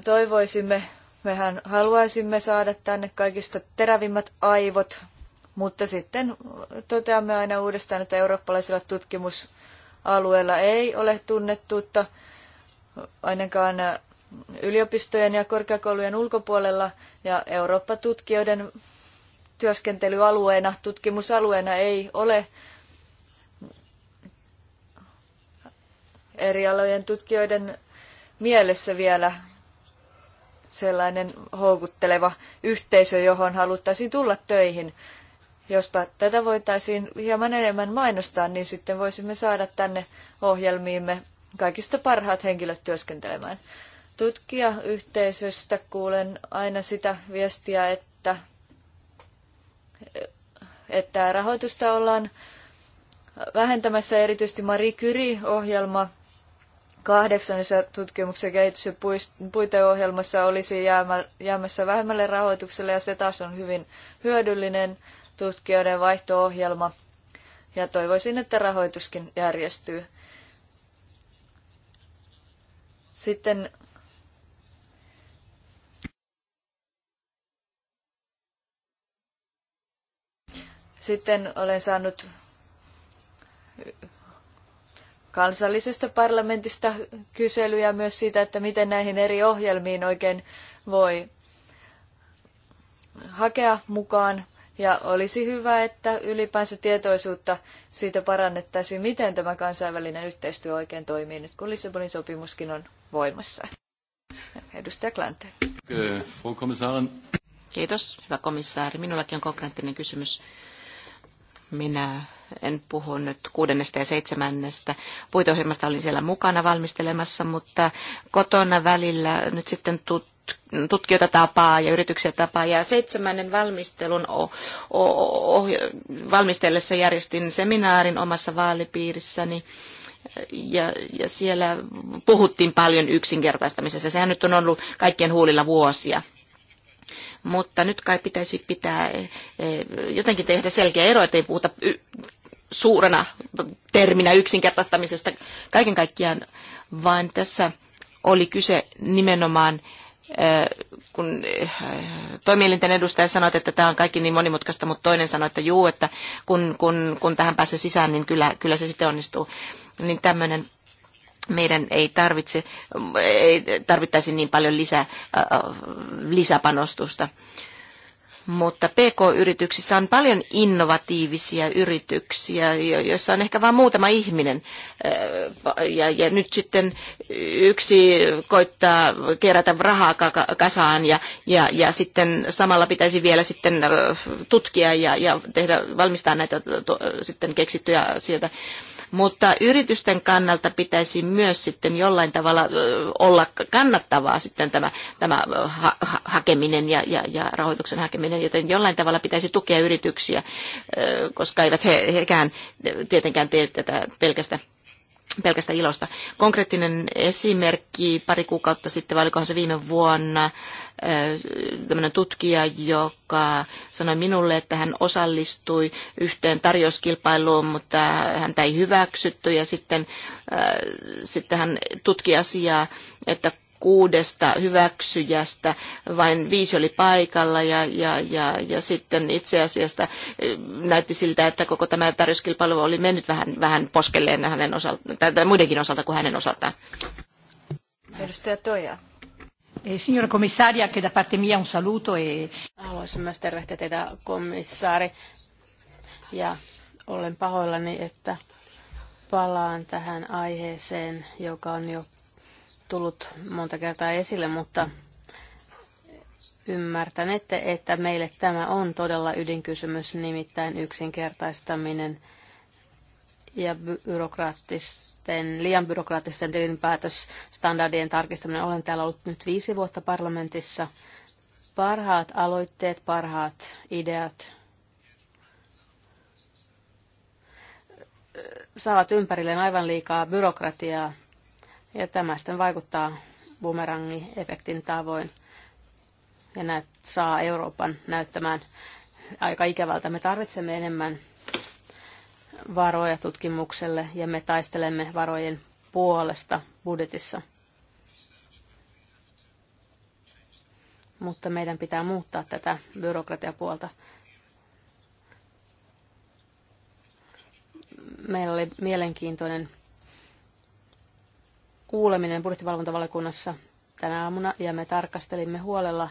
Speaker 1: toivoisimme. Mehän haluaisimme saada tänne kaikista terävimmät aivot, mutta sitten toteamme aina uudestaan, että eurooppalaisella tutkimusalueella ei ole tunnettuutta ainakaan yliopistojen ja korkeakoulujen ulkopuolella ja Eurooppa-tutkijoiden työskentelyalueena, tutkimusalueena ei ole eri alojen tutkijoiden mielessä vielä sellainen houkutteleva yhteisö, johon haluttaisiin tulla töihin. Jospa tätä voitaisiin hieman enemmän mainostaa, niin sitten voisimme saada tänne ohjelmiimme kaikista parhaat henkilöt työskentelemään. Tutkijayhteisöstä kuulen aina sitä viestiä, että, että rahoitusta ollaan vähentämässä erityisesti Marie Curie-ohjelma – kahdeksannessa tutkimuksen kehitys- ja puiteohjelmassa olisi jäämässä vähemmälle rahoitukselle ja se taas on hyvin hyödyllinen tutkijoiden vaihto-ohjelma. Ja toivoisin, että rahoituskin järjestyy. Sitten Sitten olen saanut kansallisesta parlamentista kyselyjä myös siitä, että miten näihin eri ohjelmiin oikein voi hakea mukaan. Ja olisi hyvä, että ylipäänsä tietoisuutta siitä parannettaisiin, miten tämä kansainvälinen yhteistyö oikein toimii nyt, kun Lissabonin sopimuskin on voimassa. Edustaja Klante.
Speaker 3: Kiitos, hyvä komissaari. Minullakin on konkreettinen kysymys minä en puhu nyt kuudennesta ja seitsemännestä Puitohjelmasta olin siellä mukana valmistelemassa, mutta kotona välillä nyt sitten tut, tutkijoita tapaa ja yrityksiä tapaa. Ja seitsemännen valmistelun o, o, o, valmistellessa järjestin seminaarin omassa vaalipiirissäni. Ja, ja siellä puhuttiin paljon yksinkertaistamisesta. Sehän nyt on ollut kaikkien huulilla vuosia mutta nyt kai pitäisi pitää eh, eh, jotenkin tehdä selkeä ero, ettei puhuta suurena terminä yksinkertaistamisesta kaiken kaikkiaan, vaan tässä oli kyse nimenomaan eh, kun toimielinten edustaja sanoi, että tämä on kaikki niin monimutkaista, mutta toinen sanoi, että juu, että kun, kun, kun tähän pääsee sisään, niin kyllä, kyllä se sitten onnistuu. Niin tämmöinen meidän ei, tarvitse, ei tarvittaisi niin paljon lisä, äh, äh, lisäpanostusta. Mutta PK-yrityksissä on paljon innovatiivisia yrityksiä, joissa on ehkä vain muutama ihminen. Äh, ja, ja nyt sitten yksi koittaa kerätä rahaa kasaan ja, ja, ja sitten samalla pitäisi vielä sitten tutkia ja, ja tehdä, valmistaa näitä to, sitten keksittyjä sieltä mutta yritysten kannalta pitäisi myös sitten jollain tavalla olla kannattavaa sitten tämä, tämä ha- hakeminen ja, ja, ja rahoituksen hakeminen, joten jollain tavalla pitäisi tukea yrityksiä, koska eivät he, hekään tietenkään tee tätä pelkästä pelkästä ilosta. Konkreettinen esimerkki pari kuukautta sitten, vai olikohan se viime vuonna, tämmöinen tutkija, joka sanoi minulle, että hän osallistui yhteen tarjouskilpailuun, mutta häntä ei hyväksytty. Ja sitten, sitten hän tutki asiaa, että kuudesta hyväksyjästä vain viisi oli paikalla ja, ja, ja, ja sitten itse asiassa eh, näytti siltä, että koko tämä tarjouskilpailu oli mennyt vähän, vähän poskelleen hänen osalta, tai muidenkin osalta kuin hänen osaltaan.
Speaker 1: Edustaja Toija.
Speaker 2: Eh, signora commissaria, che da parte mia un saluto e... Haluaisin myös tervehtiä teitä komissaari ja olen pahoillani, että palaan tähän aiheeseen, joka on jo tullut monta kertaa esille, mutta ymmärtänette, että meille tämä on todella ydinkysymys, nimittäin yksinkertaistaminen ja byrokraattisten, liian byrokraattisten tilinpäätösstandardien tarkistaminen. Olen täällä ollut nyt viisi vuotta parlamentissa. Parhaat aloitteet, parhaat ideat saavat ympärilleen aivan liikaa byrokratiaa ja tämä sitten vaikuttaa bumerangi-efektin tavoin ja näet, saa Euroopan näyttämään aika ikävältä. Me tarvitsemme enemmän varoja tutkimukselle ja me taistelemme varojen puolesta budjetissa. Mutta meidän pitää muuttaa tätä byrokratiapuolta. Meillä oli mielenkiintoinen kuuleminen budjettivalvontavaliokunnassa tänä aamuna ja me tarkastelimme huolella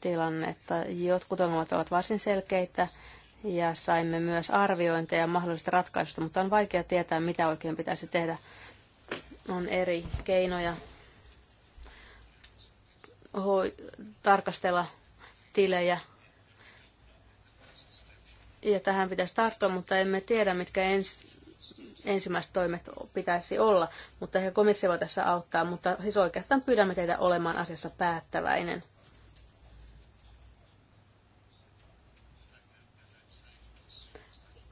Speaker 2: tilannetta. Jotkut ongelmat ovat varsin selkeitä ja saimme myös arviointeja mahdollisista ratkaisuista, mutta on vaikea tietää, mitä oikein pitäisi tehdä. On eri keinoja tarkastella tilejä. Ja tähän pitäisi tarttua, mutta emme tiedä, mitkä ens- ensimmäiset toimet pitäisi olla, mutta ehkä komissio voi tässä auttaa, mutta siis oikeastaan pyydämme teitä olemaan asiassa päättäväinen.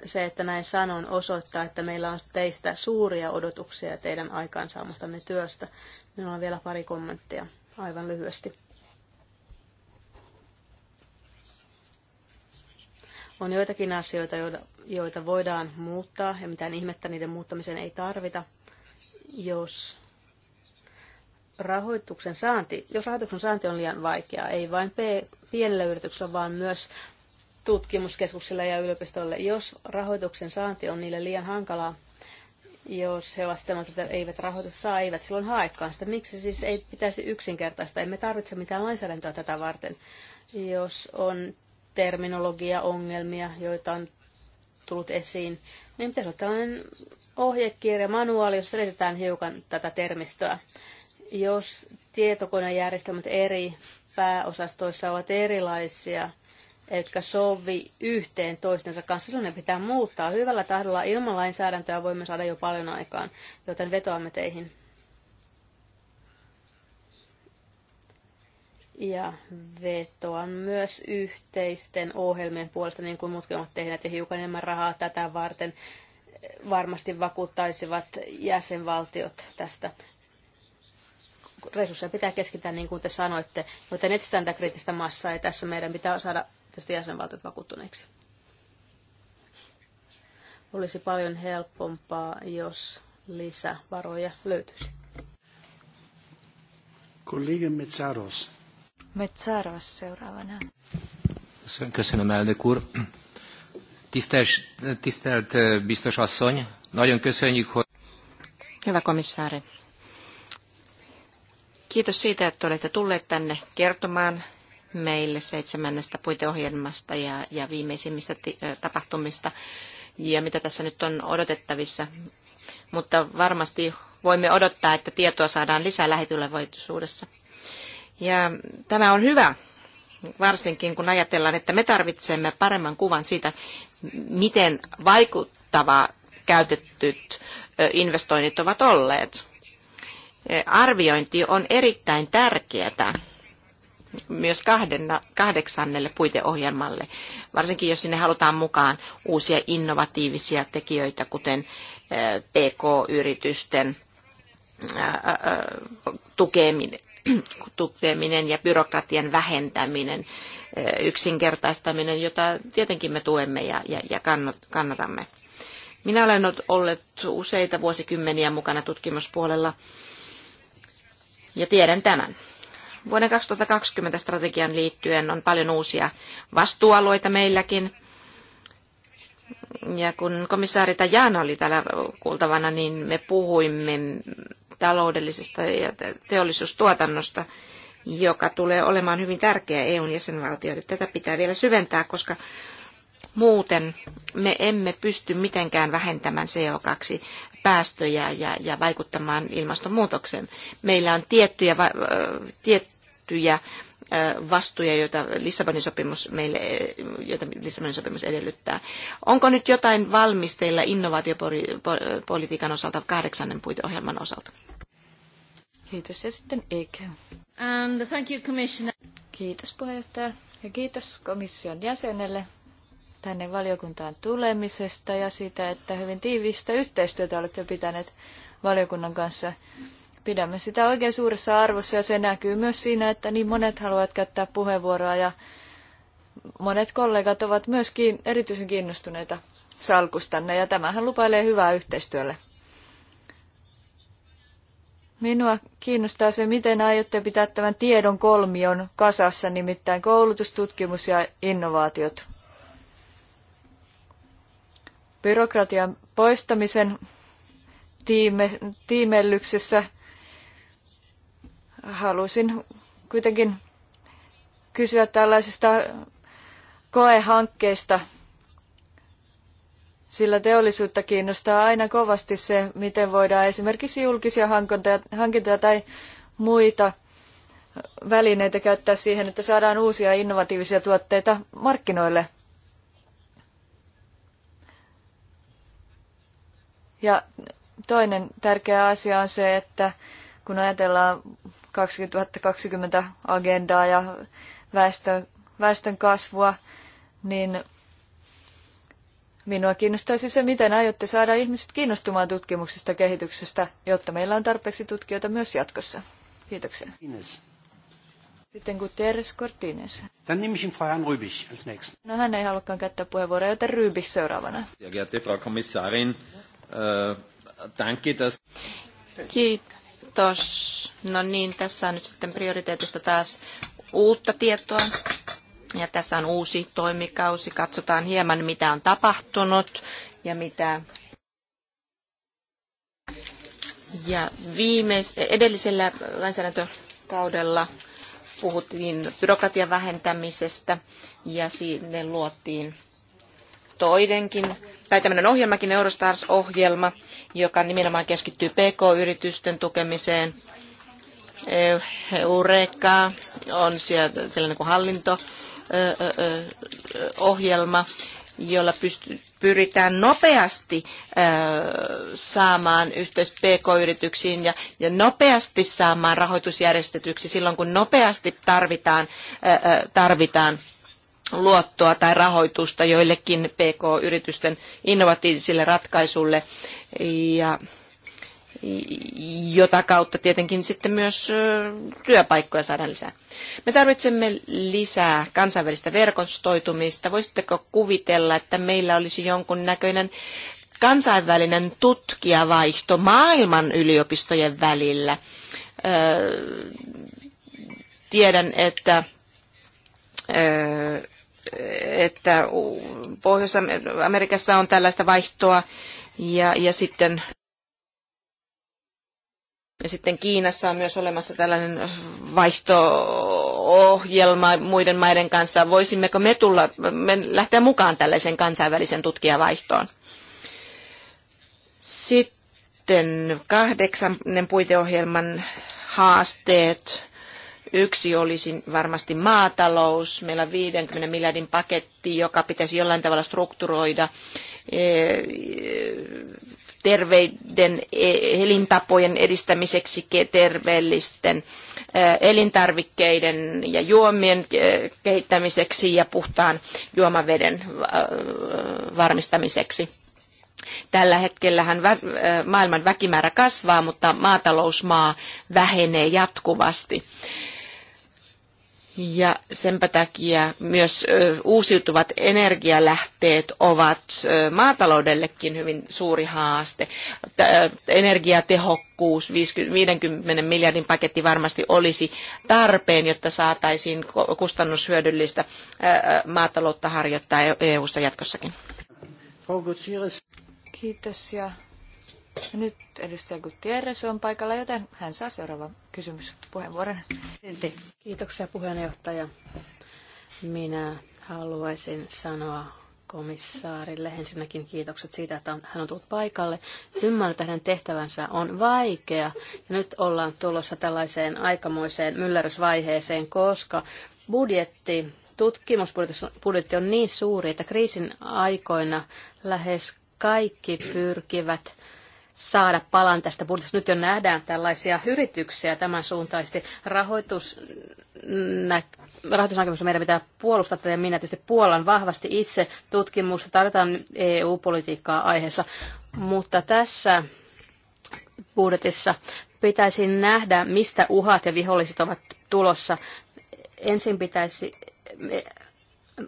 Speaker 2: Se, että näin sanon, osoittaa, että meillä on teistä suuria odotuksia teidän aikaansaamustanne työstä. Minulla on vielä pari kommenttia aivan lyhyesti. On joitakin asioita, joita voidaan muuttaa ja mitään ihmettä niiden muuttamiseen ei tarvita, jos rahoituksen saanti, jos rahoituksen saanti on liian vaikeaa, ei vain pienellä yrityksellä, vaan myös tutkimuskeskuksilla ja yliopistolle, jos rahoituksen saanti on niille liian hankalaa, jos he ovat sitä että eivät rahoitusta saa, eivät silloin haekaan sitä. Miksi siis ei pitäisi yksinkertaista? Emme tarvitse mitään lainsäädäntöä tätä varten. Jos on terminologiaongelmia, joita on tullut esiin, niin pitäisi olla tällainen ohjekirja, manuaali, jossa selitetään hiukan tätä termistöä. Jos tietokonejärjestelmät eri pääosastoissa ovat erilaisia, etkä sovi yhteen toistensa kanssa, se ne pitää muuttaa. Hyvällä tahdolla ilman lainsäädäntöä voimme saada jo paljon aikaan, joten vetoamme teihin Ja vetoan myös yhteisten ohjelmien puolesta, niin kuin muutkin ovat tehneet, ja hiukan enemmän rahaa tätä varten varmasti vakuuttaisivat jäsenvaltiot tästä. Resursseja pitää keskittää, niin kuin te sanoitte, mutta etsitään tätä kriittistä massaa, ja tässä meidän pitää saada tästä jäsenvaltiot vakuuttuneiksi. Olisi paljon helpompaa, jos
Speaker 1: lisävaroja löytyisi. Kollega Metsaros. Metszáros seuraavana.
Speaker 3: Köszönöm, elnök úr.
Speaker 2: Tisztes, tisztelt eh, biztos asszony, nagyon köszönjük, hogy...
Speaker 3: Hyvä komissaari. Kiitos siitä, että olette tulleet tänne kertomaan meille seitsemännestä puiteohjelmasta ja, ja viimeisimmistä eh, tapahtumista ja mitä tässä nyt on odotettavissa. Mutta varmasti voimme odottaa, että tietoa saadaan lisää lähitulevaisuudessa. Ja tämä on hyvä, varsinkin kun ajatellaan, että me tarvitsemme paremman kuvan siitä, miten vaikuttava käytetyt investoinnit ovat olleet. E, arviointi on erittäin tärkeää myös kahdenna, kahdeksannelle puiteohjelmalle, varsinkin jos sinne halutaan mukaan uusia innovatiivisia tekijöitä, kuten e, PK-yritysten tukeminen, tukeminen ja byrokratian vähentäminen, eh, yksinkertaistaminen, jota tietenkin me tuemme ja, ja, ja kannatamme. Minä olen ollut useita vuosikymmeniä mukana tutkimuspuolella ja tiedän tämän. Vuoden 2020 strategian liittyen on paljon uusia vastuualueita meilläkin. Ja kun komissaari Tajana oli täällä kuultavana, niin me puhuimme taloudellisesta ja teollisuustuotannosta, joka tulee olemaan hyvin tärkeä EUn jäsenvaltioille. Tätä pitää vielä syventää, koska muuten me emme pysty mitenkään vähentämään CO2 päästöjä ja, ja vaikuttamaan ilmastonmuutokseen. Meillä on tiettyjä, tiettyjä vastuja, joita Lissabonin sopimus, meille, joita Lissabonin sopimus edellyttää. Onko nyt jotain valmisteilla innovaatiopolitiikan osalta kahdeksannen puiteohjelman osalta?
Speaker 1: Kiitos ja sitten Eike. And thank you, Commissioner. Kiitos puheenjohtaja ja kiitos komission jäsenelle tänne valiokuntaan tulemisesta ja siitä, että hyvin tiivistä yhteistyötä olette pitäneet valiokunnan kanssa. Pidämme sitä oikein suuressa arvossa ja se näkyy myös siinä, että niin monet haluavat käyttää puheenvuoroa ja monet kollegat ovat myös erityisen kiinnostuneita salkustanne ja tämähän lupailee hyvää yhteistyölle. Minua kiinnostaa se, miten aiotte pitää tämän tiedon kolmion kasassa, nimittäin koulutus, tutkimus ja innovaatiot. Byrokratian poistamisen tiime, tiimellyksessä halusin kuitenkin kysyä tällaisista koehankkeista, sillä teollisuutta kiinnostaa aina kovasti se, miten voidaan esimerkiksi julkisia hankintoja tai muita välineitä käyttää siihen, että saadaan uusia innovatiivisia tuotteita markkinoille. Ja toinen tärkeä asia on se, että kun ajatellaan 2020 agendaa ja väestön, väestön kasvua, niin minua kiinnostaisi se, miten aiotte saada ihmiset kiinnostumaan tutkimuksesta kehityksestä, jotta meillä on tarpeeksi tutkijoita myös jatkossa. Kiitoksia. Ines. Sitten Guterres Cortines.
Speaker 2: Dann nehme ich Frau Herrn Rübig als
Speaker 1: No hän ei halukaan käyttää puheenvuoroa, joten Rübig seuraavana.
Speaker 2: Ja Frau Kommissarin, äh, danke, dass...
Speaker 3: Kiitos Kiitos. No niin, tässä on nyt sitten prioriteetista taas uutta tietoa. Ja tässä on uusi toimikausi. Katsotaan hieman, mitä on tapahtunut ja mitä ja viimeis- edellisellä lainsäädäntökaudella puhuttiin byrokratian vähentämisestä ja sinne luotiin toinenkin, tai tämmöinen ohjelmakin, Eurostars-ohjelma, joka nimenomaan keskittyy PK-yritysten tukemiseen. Eureka on sellainen kuin hallinto-ohjelma, jolla pyritään nopeasti saamaan yhteys PK-yrityksiin ja, nopeasti saamaan rahoitus järjestetyksi silloin, kun nopeasti tarvitaan, tarvitaan luottoa tai rahoitusta joillekin PK-yritysten innovatiivisille ratkaisuille, ja jota kautta tietenkin sitten myös työpaikkoja saadaan lisää. Me tarvitsemme lisää kansainvälistä verkostoitumista. Voisitteko kuvitella, että meillä olisi jonkun näköinen kansainvälinen tutkijavaihto maailman yliopistojen välillä? Tiedän, että että Pohjois-Amerikassa on tällaista vaihtoa ja, ja sitten ja sitten Kiinassa on myös olemassa tällainen vaihtoohjelma muiden maiden kanssa. Voisimmeko me, tulla, me lähteä mukaan tällaisen kansainvälisen tutkijavaihtoon? Sitten kahdeksannen puiteohjelman haasteet. Yksi olisi varmasti maatalous. Meillä on 50 miljardin paketti, joka pitäisi jollain tavalla strukturoida eh, terveiden eh, elintapojen edistämiseksi, terveellisten eh, elintarvikkeiden ja juomien kehittämiseksi ja puhtaan juomaveden varmistamiseksi. Tällä hetkellähän maailman väkimäärä kasvaa, mutta maatalousmaa vähenee jatkuvasti. Ja senpä takia myös uusiutuvat energialähteet ovat maataloudellekin hyvin suuri haaste. Energiatehokkuus, 50 miljardin paketti varmasti olisi tarpeen, jotta saataisiin kustannushyödyllistä maataloutta harjoittaa EU-ssa e-, e-, jatkossakin.
Speaker 1: Kiitos ja ja nyt edustaja Gutierrez on paikalla, joten hän saa seuraava kysymys puheenvuoron. Kiitoksia
Speaker 2: puheenjohtaja. Minä haluaisin sanoa komissaarille ensinnäkin kiitokset siitä, että hän on tullut paikalle. Ymmärrän, että hänen tehtävänsä on vaikea. Ja nyt ollaan tulossa tällaiseen aikamoiseen myllerrysvaiheeseen, koska budjetti, tutkimusbudjetti on niin suuri, että kriisin aikoina lähes kaikki pyrkivät saada palan tästä budjetista. Nyt jo nähdään tällaisia yrityksiä tämän suuntaisesti. Rahoitus, nä, rahoitusnäkemys meidän pitää puolustaa tätä ja minä tietysti puolan vahvasti itse tutkimusta. Tarvitaan EU-politiikkaa aiheessa, mutta tässä budjetissa pitäisi nähdä, mistä uhat ja viholliset ovat tulossa. Ensin pitäisi,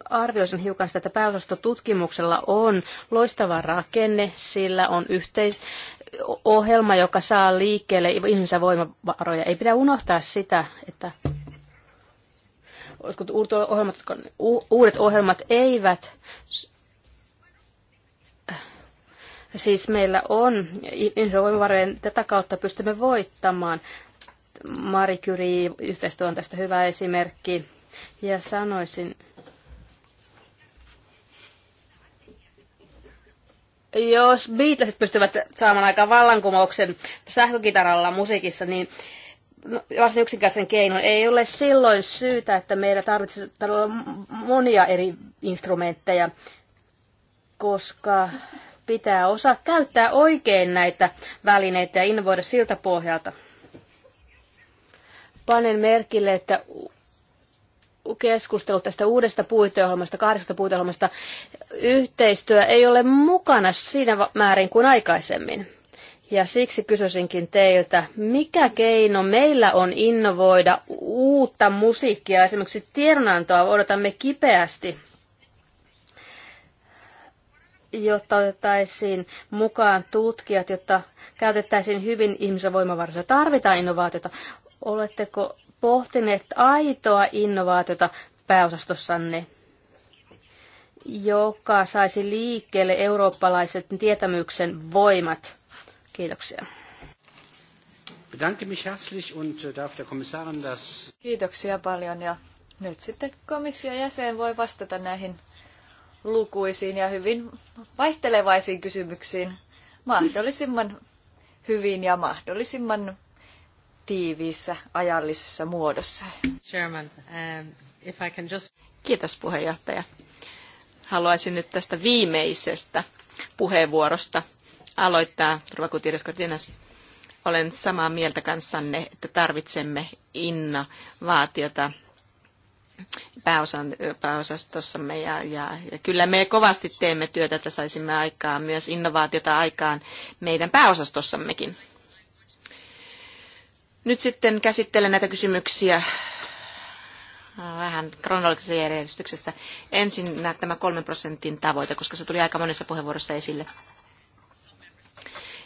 Speaker 2: arvioisin hiukan sitä, että pääosastotutkimuksella on loistava rakenne, sillä on yhteis, ohjelma, joka saa liikkeelle ihmisen voimavaroja. Ei pidä unohtaa sitä, että ohjelmat, uudet ohjelmat eivät Siis meillä on voimavarojen tätä kautta pystymme voittamaan. Marie Curie yhteistyö on tästä hyvä esimerkki. Ja sanoisin, jos Beatlesit pystyvät saamaan aika vallankumouksen sähkökitaralla musiikissa, niin no, varsin yksinkertaisen keinon ei ole silloin syytä, että meillä tarvitsisi olla monia eri instrumentteja, koska pitää osaa käyttää oikein näitä välineitä ja innovoida siltä pohjalta. Panen merkille, että keskustelu tästä uudesta puiteohjelmasta, kahdesta puiteohjelmasta, yhteistyö ei ole mukana siinä määrin kuin aikaisemmin. Ja siksi kysyisinkin teiltä, mikä keino meillä on innovoida uutta musiikkia, esimerkiksi tiedonantoa odotamme kipeästi, jotta otettaisiin mukaan tutkijat, jotta käytettäisiin hyvin ihmisen voimavaroja. Tarvitaan innovaatiota. Oletteko pohtineet aitoa innovaatiota pääosastossanne, joka saisi liikkeelle eurooppalaiset tietämyksen voimat? Kiitoksia.
Speaker 1: Äh, Kiitoksia paljon ja nyt sitten komission jäsen voi vastata näihin lukuisiin ja hyvin vaihtelevaisiin kysymyksiin mahdollisimman hyvin ja mahdollisimman tiiviissä ajallisessa muodossa. Chairman, um, if I can just... Kiitos puheenjohtaja. Haluaisin nyt tästä
Speaker 3: viimeisestä puheenvuorosta aloittaa turvakotiedotuskortinas. Olen samaa mieltä kanssanne, että tarvitsemme innovaatiota pääosan, pääosastossamme ja, ja, ja kyllä me kovasti teemme työtä, että saisimme aikaan myös innovaatiota aikaan meidän pääosastossammekin. Nyt sitten käsittelen näitä kysymyksiä vähän kronologisessa järjestyksessä. Ensin tämä kolmen prosentin tavoite, koska se tuli aika monessa puheenvuorossa esille.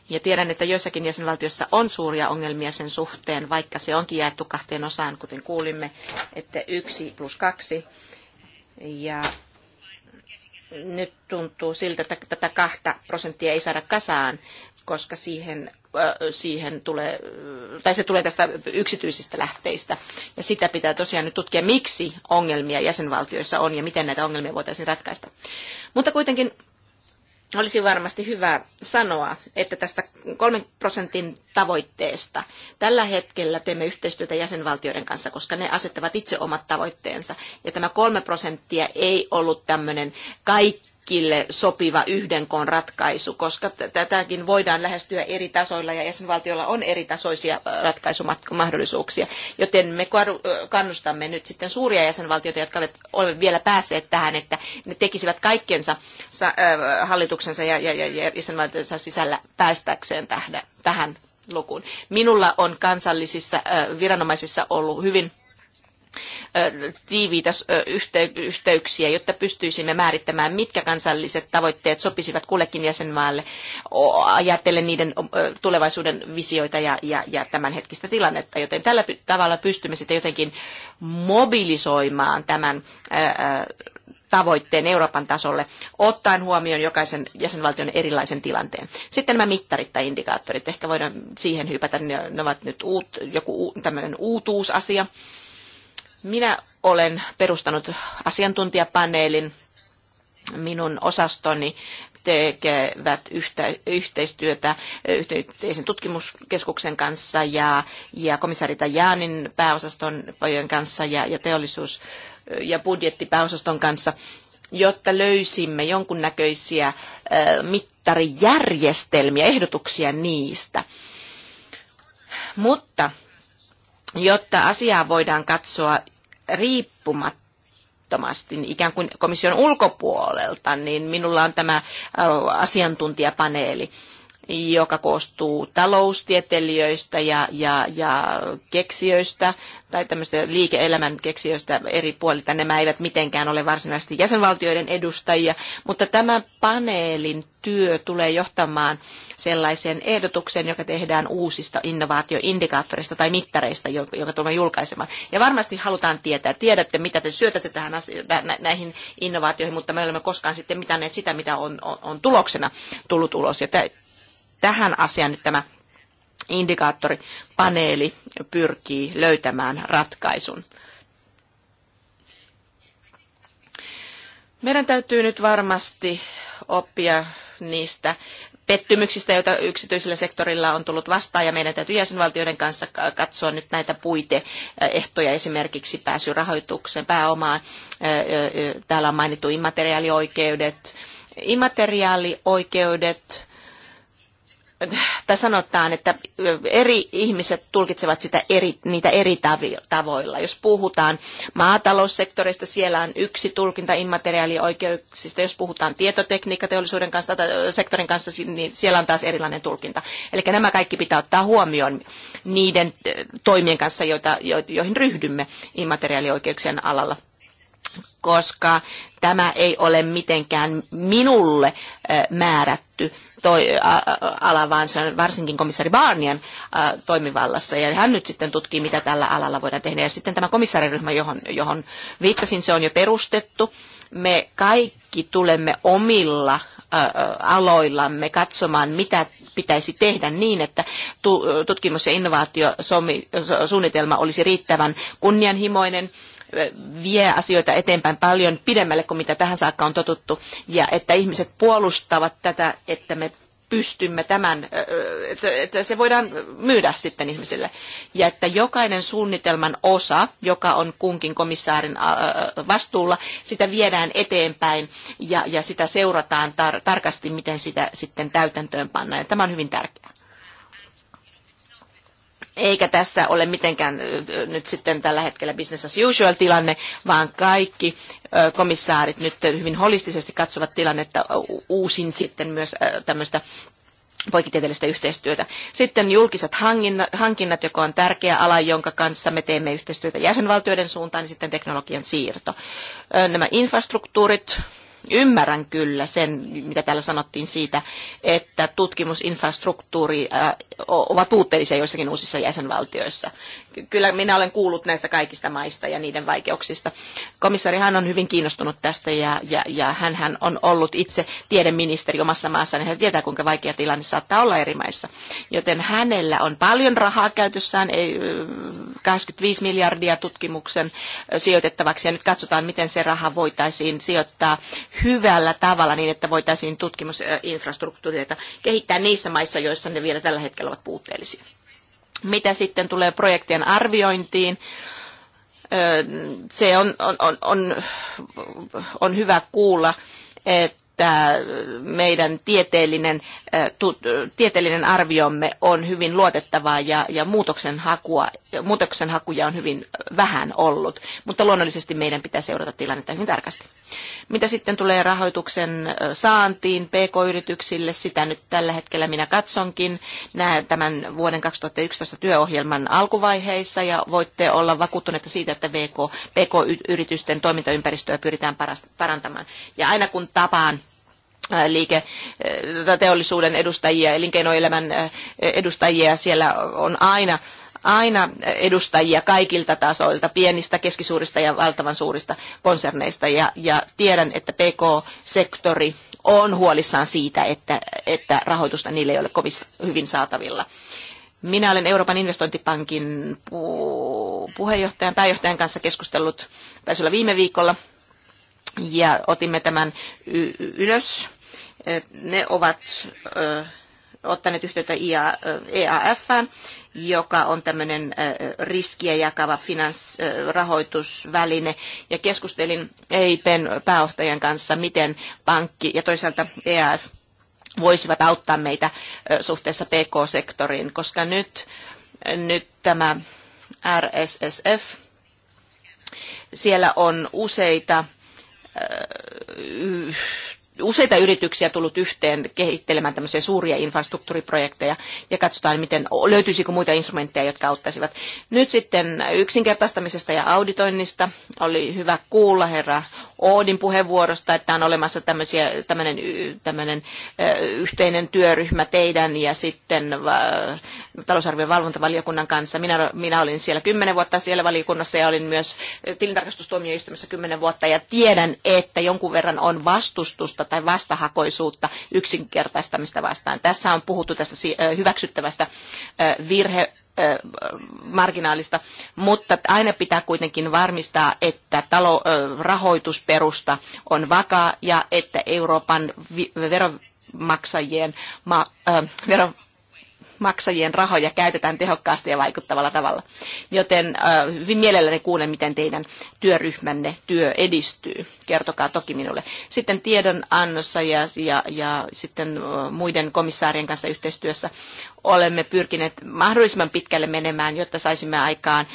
Speaker 3: Ja tiedän, että joissakin jäsenvaltioissa on suuria ongelmia sen suhteen, vaikka se onkin jaettu kahteen osaan, kuten kuulimme, että yksi plus kaksi. Ja nyt tuntuu siltä, että tätä kahta prosenttia ei saada kasaan, koska siihen siihen tulee, tai se tulee tästä yksityisistä lähteistä. Ja sitä pitää tosiaan nyt tutkia, miksi ongelmia jäsenvaltioissa on ja miten näitä ongelmia voitaisiin ratkaista. Mutta kuitenkin olisi varmasti hyvä sanoa, että tästä kolmen prosentin tavoitteesta tällä hetkellä teemme yhteistyötä jäsenvaltioiden kanssa, koska ne asettavat itse omat tavoitteensa. Ja tämä kolme prosenttia ei ollut tämmöinen kaikki kaikille sopiva yhden koon ratkaisu, koska tätäkin voidaan lähestyä eri tasoilla ja jäsenvaltioilla on eri tasoisia ratkaisumahdollisuuksia. Joten me kannustamme nyt sitten suuria jäsenvaltioita, jotka eivät ole vielä päässeet tähän, että ne tekisivät kaikkensa hallituksensa ja, ja, ja jäsenvaltioissa sisällä päästäkseen tähän lukuun. Minulla on kansallisissa viranomaisissa ollut hyvin tiiviitä yhteyksiä, jotta pystyisimme määrittämään, mitkä kansalliset tavoitteet sopisivat kullekin jäsenmaalle ajatellen niiden tulevaisuuden visioita ja, ja, ja tämänhetkistä tilannetta. Joten tällä tavalla pystymme sitten jotenkin mobilisoimaan tämän tavoitteen Euroopan tasolle, ottaen huomioon jokaisen jäsenvaltion erilaisen tilanteen. Sitten nämä mittarit tai indikaattorit, ehkä voidaan siihen hypätä, ne ovat nyt uut, joku tämmöinen uutuusasia. Minä olen perustanut asiantuntijapaneelin. Minun osastoni tekevät yhtä, yhteistyötä yhteisen tutkimuskeskuksen kanssa ja, ja komissaari Tajanin pääosaston pojen kanssa ja, ja teollisuus- ja budjettipääosaston kanssa, jotta löysimme jonkunnäköisiä mittarijärjestelmiä, ehdotuksia niistä. Mutta jotta asiaa voidaan katsoa riippumatta niin ikään kuin komission ulkopuolelta, niin minulla on tämä asiantuntijapaneeli, joka koostuu taloustieteilijöistä ja, ja, ja keksijöistä tai tämmöistä liike-elämän keksijöistä eri puolilta. Nämä eivät mitenkään ole varsinaisesti jäsenvaltioiden edustajia, mutta tämä paneelin työ tulee johtamaan sellaiseen ehdotuksen, joka tehdään uusista innovaatioindikaattoreista tai mittareista, jonka tulemme julkaisemaan. Ja varmasti halutaan tietää, tiedätte mitä te syötätte tähän näihin innovaatioihin, mutta me olemme koskaan sitten mitanneet sitä, mitä on, on, on tuloksena tullut ulos. Ja tähän asiaan nyt tämä indikaattoripaneeli pyrkii löytämään ratkaisun. Meidän täytyy nyt varmasti oppia niistä pettymyksistä, joita yksityisellä sektorilla on tullut vastaan, ja meidän täytyy jäsenvaltioiden kanssa katsoa nyt näitä puiteehtoja, esimerkiksi pääsy rahoitukseen, pääomaan. Täällä on mainittu immateriaalioikeudet. Immateriaalioikeudet tai sanotaan, että eri ihmiset tulkitsevat sitä eri, niitä eri tavoilla. Jos puhutaan maataloussektorista, siellä on yksi tulkinta immateriaalioikeuksista. Jos puhutaan tietotekniikkateollisuuden kanssa, tai sektorin kanssa, niin siellä on taas erilainen tulkinta. Eli nämä kaikki pitää ottaa huomioon niiden toimien kanssa, joita, joihin ryhdymme immateriaalioikeuksien alalla koska tämä ei ole mitenkään minulle määrätty toi, ala, vaan se on varsinkin komissaari Barnian toimivallassa. Ja hän nyt sitten tutkii, mitä tällä alalla voidaan tehdä. Ja sitten tämä komissaariryhmä, johon, johon viittasin, se on jo perustettu. Me kaikki tulemme omilla aloillamme katsomaan, mitä pitäisi tehdä niin, että tutkimus- ja innovaatiosuunnitelma olisi riittävän kunnianhimoinen vie asioita eteenpäin paljon pidemmälle kuin mitä tähän saakka on totuttu, ja että ihmiset puolustavat tätä, että me pystymme tämän, että se voidaan myydä sitten ihmisille. Ja että jokainen suunnitelman osa, joka on kunkin komissaarin vastuulla, sitä viedään eteenpäin ja, ja sitä seurataan tar- tarkasti, miten sitä sitten täytäntöön pannaan. Ja tämä on hyvin tärkeää. Eikä tässä ole mitenkään nyt sitten tällä hetkellä business as usual tilanne, vaan kaikki komissaarit nyt hyvin holistisesti katsovat tilannetta uusin sitten myös tämmöistä poikitieteellistä yhteistyötä. Sitten julkiset hankinnat, joka on tärkeä ala, jonka kanssa me teemme yhteistyötä jäsenvaltioiden suuntaan, niin sitten teknologian siirto. Nämä infrastruktuurit, Ymmärrän kyllä sen, mitä täällä sanottiin siitä, että tutkimusinfrastruktuuri äh, ovat puutteellisia joissakin uusissa jäsenvaltioissa kyllä minä olen kuullut näistä kaikista maista ja niiden vaikeuksista. Komissari hän on hyvin kiinnostunut tästä ja, ja, ja hän on ollut itse tiedeministeri omassa maassa, Niin hän tietää, kuinka vaikea tilanne saattaa olla eri maissa. Joten hänellä on paljon rahaa käytössään, 25 miljardia tutkimuksen sijoitettavaksi. Ja nyt katsotaan, miten se raha voitaisiin sijoittaa hyvällä tavalla niin, että voitaisiin tutkimusinfrastruktuureita kehittää niissä maissa, joissa ne vielä tällä hetkellä ovat puutteellisia. Mitä sitten tulee projektien arviointiin, se on, on, on, on, on hyvä kuulla, että että äh, meidän tieteellinen, äh, tieteellinen arviomme on hyvin luotettavaa ja, ja muutoksen hakuja on hyvin vähän ollut. Mutta luonnollisesti meidän pitää seurata tilannetta hyvin tarkasti. Mitä sitten tulee rahoituksen äh, saantiin PK-yrityksille, sitä nyt tällä hetkellä minä katsonkin. Näen tämän vuoden 2011 työohjelman alkuvaiheissa ja voitte olla vakuuttuneita siitä, että VK, PK-yritysten toimintaympäristöä pyritään parantamaan. Ja aina kun tapaan Äh, liike, äh, teollisuuden edustajia, elinkeinoelämän äh, edustajia. Siellä on aina, aina edustajia kaikilta tasoilta, pienistä, keskisuurista ja valtavan suurista konserneista. Ja, ja tiedän, että PK-sektori on huolissaan siitä, että, että rahoitusta niille ei ole kovin hyvin saatavilla. Minä olen Euroopan investointipankin pu- puheenjohtajan, pääjohtajan kanssa keskustellut, taisi olla viime viikolla, ja otimme tämän ylös Eh, ne ovat ottaneet yhteyttä EAF, joka on tämmöinen riskiä jakava finans-rahoitusväline Ja keskustelin EIPen pääohtajan kanssa, miten pankki ja toisaalta EAF voisivat auttaa meitä suhteessa PK-sektoriin, koska nyt, nyt tämä RSSF, siellä on useita useita yrityksiä tullut yhteen kehittelemään tämmöisiä suuria infrastruktuuriprojekteja ja katsotaan, miten löytyisikö muita instrumentteja, jotka auttaisivat. Nyt sitten yksinkertaistamisesta ja auditoinnista oli hyvä kuulla herra Oodin puheenvuorosta, että on olemassa tämmöinen, tämmöinen yhteinen työryhmä teidän ja sitten talousarvion valvontavaliokunnan kanssa. Minä, minä olin siellä kymmenen vuotta siellä valiokunnassa ja olin myös tilintarkastustuomioistuimessa kymmenen vuotta ja tiedän, että jonkun verran on vastustusta tai vastahakoisuutta yksinkertaistamista vastaan. Tässä on puhuttu tästä hyväksyttävästä virhe marginaalista, mutta aina pitää kuitenkin varmistaa, että talo, rahoitusperusta on vakaa ja että Euroopan vi, veronmaksajien ma, maksajien rahoja käytetään tehokkaasti ja vaikuttavalla tavalla. Joten hyvin mielelläni kuulen, miten teidän työryhmänne työ edistyy. Kertokaa toki minulle. Sitten tiedonannossa ja, ja, ja sitten muiden komissaarien kanssa yhteistyössä olemme pyrkineet mahdollisimman pitkälle menemään, jotta saisimme aikaan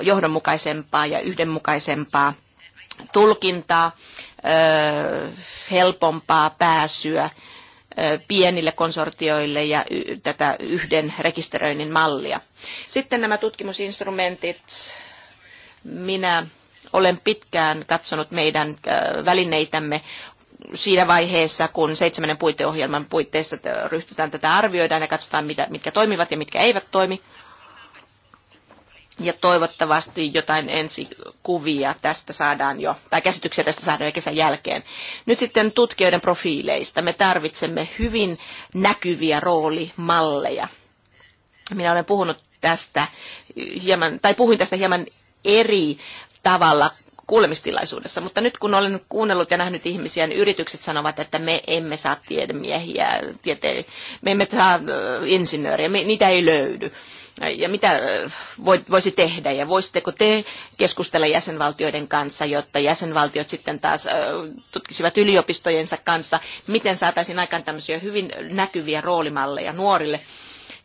Speaker 3: johdonmukaisempaa ja yhdenmukaisempaa tulkintaa, helpompaa pääsyä pienille konsortioille ja tätä yhden rekisteröinnin mallia. Sitten nämä tutkimusinstrumentit. Minä olen pitkään katsonut meidän välineitämme siinä vaiheessa, kun seitsemännen puiteohjelman puitteissa ryhtytään tätä arvioidaan ja katsotaan, mitkä toimivat ja mitkä eivät toimi. Ja toivottavasti jotain ensi kuvia tästä saadaan jo, tai käsityksiä tästä saadaan jo kesän jälkeen. Nyt sitten tutkijoiden profiileista. Me tarvitsemme hyvin näkyviä roolimalleja. Minä olen puhunut tästä hieman, tai puhuin tästä hieman eri tavalla kuulemistilaisuudessa, mutta nyt kun olen kuunnellut ja nähnyt ihmisiä, niin yritykset sanovat, että me emme saa tiedemiehiä, tiete, me emme saa insinööriä, me, niitä ei löydy ja mitä voisi tehdä ja voisitteko te keskustella jäsenvaltioiden kanssa, jotta jäsenvaltiot sitten taas tutkisivat yliopistojensa kanssa, miten saataisiin aikaan tämmöisiä hyvin näkyviä roolimalleja nuorille,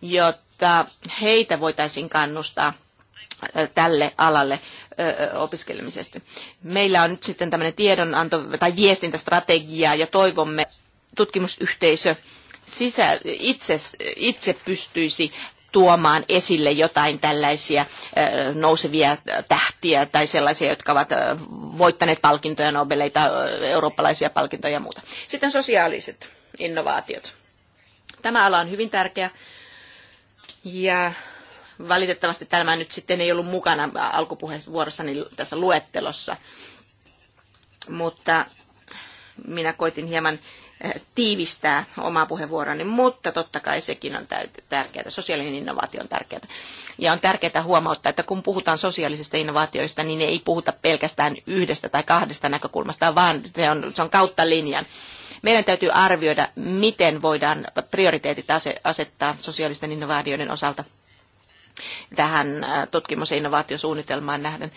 Speaker 3: jotta heitä voitaisiin kannustaa tälle alalle opiskelemisesta. Meillä on nyt sitten tämmöinen tiedonanto tai viestintästrategia ja toivomme tutkimusyhteisö sisä, itse, itse pystyisi tuomaan esille jotain tällaisia nousevia tähtiä tai sellaisia, jotka ovat voittaneet palkintoja, nobeleita, eurooppalaisia palkintoja ja muuta. Sitten sosiaaliset innovaatiot. Tämä ala on hyvin tärkeä ja valitettavasti tämä nyt sitten ei ollut mukana alkupuheenvuorossani tässä luettelossa, mutta minä koitin hieman tiivistää omaa puheenvuoroani, mutta totta kai sekin on tärkeää. Sosiaalinen innovaatio on tärkeää. Ja on tärkeää huomauttaa, että kun puhutaan sosiaalisista innovaatioista, niin ei puhuta pelkästään yhdestä tai kahdesta näkökulmasta, vaan se on, se on kautta linjan. Meidän täytyy arvioida, miten voidaan prioriteetit asettaa sosiaalisten innovaatioiden osalta – tähän äh, tutkimus- ja innovaatiosuunnitelmaan nähden.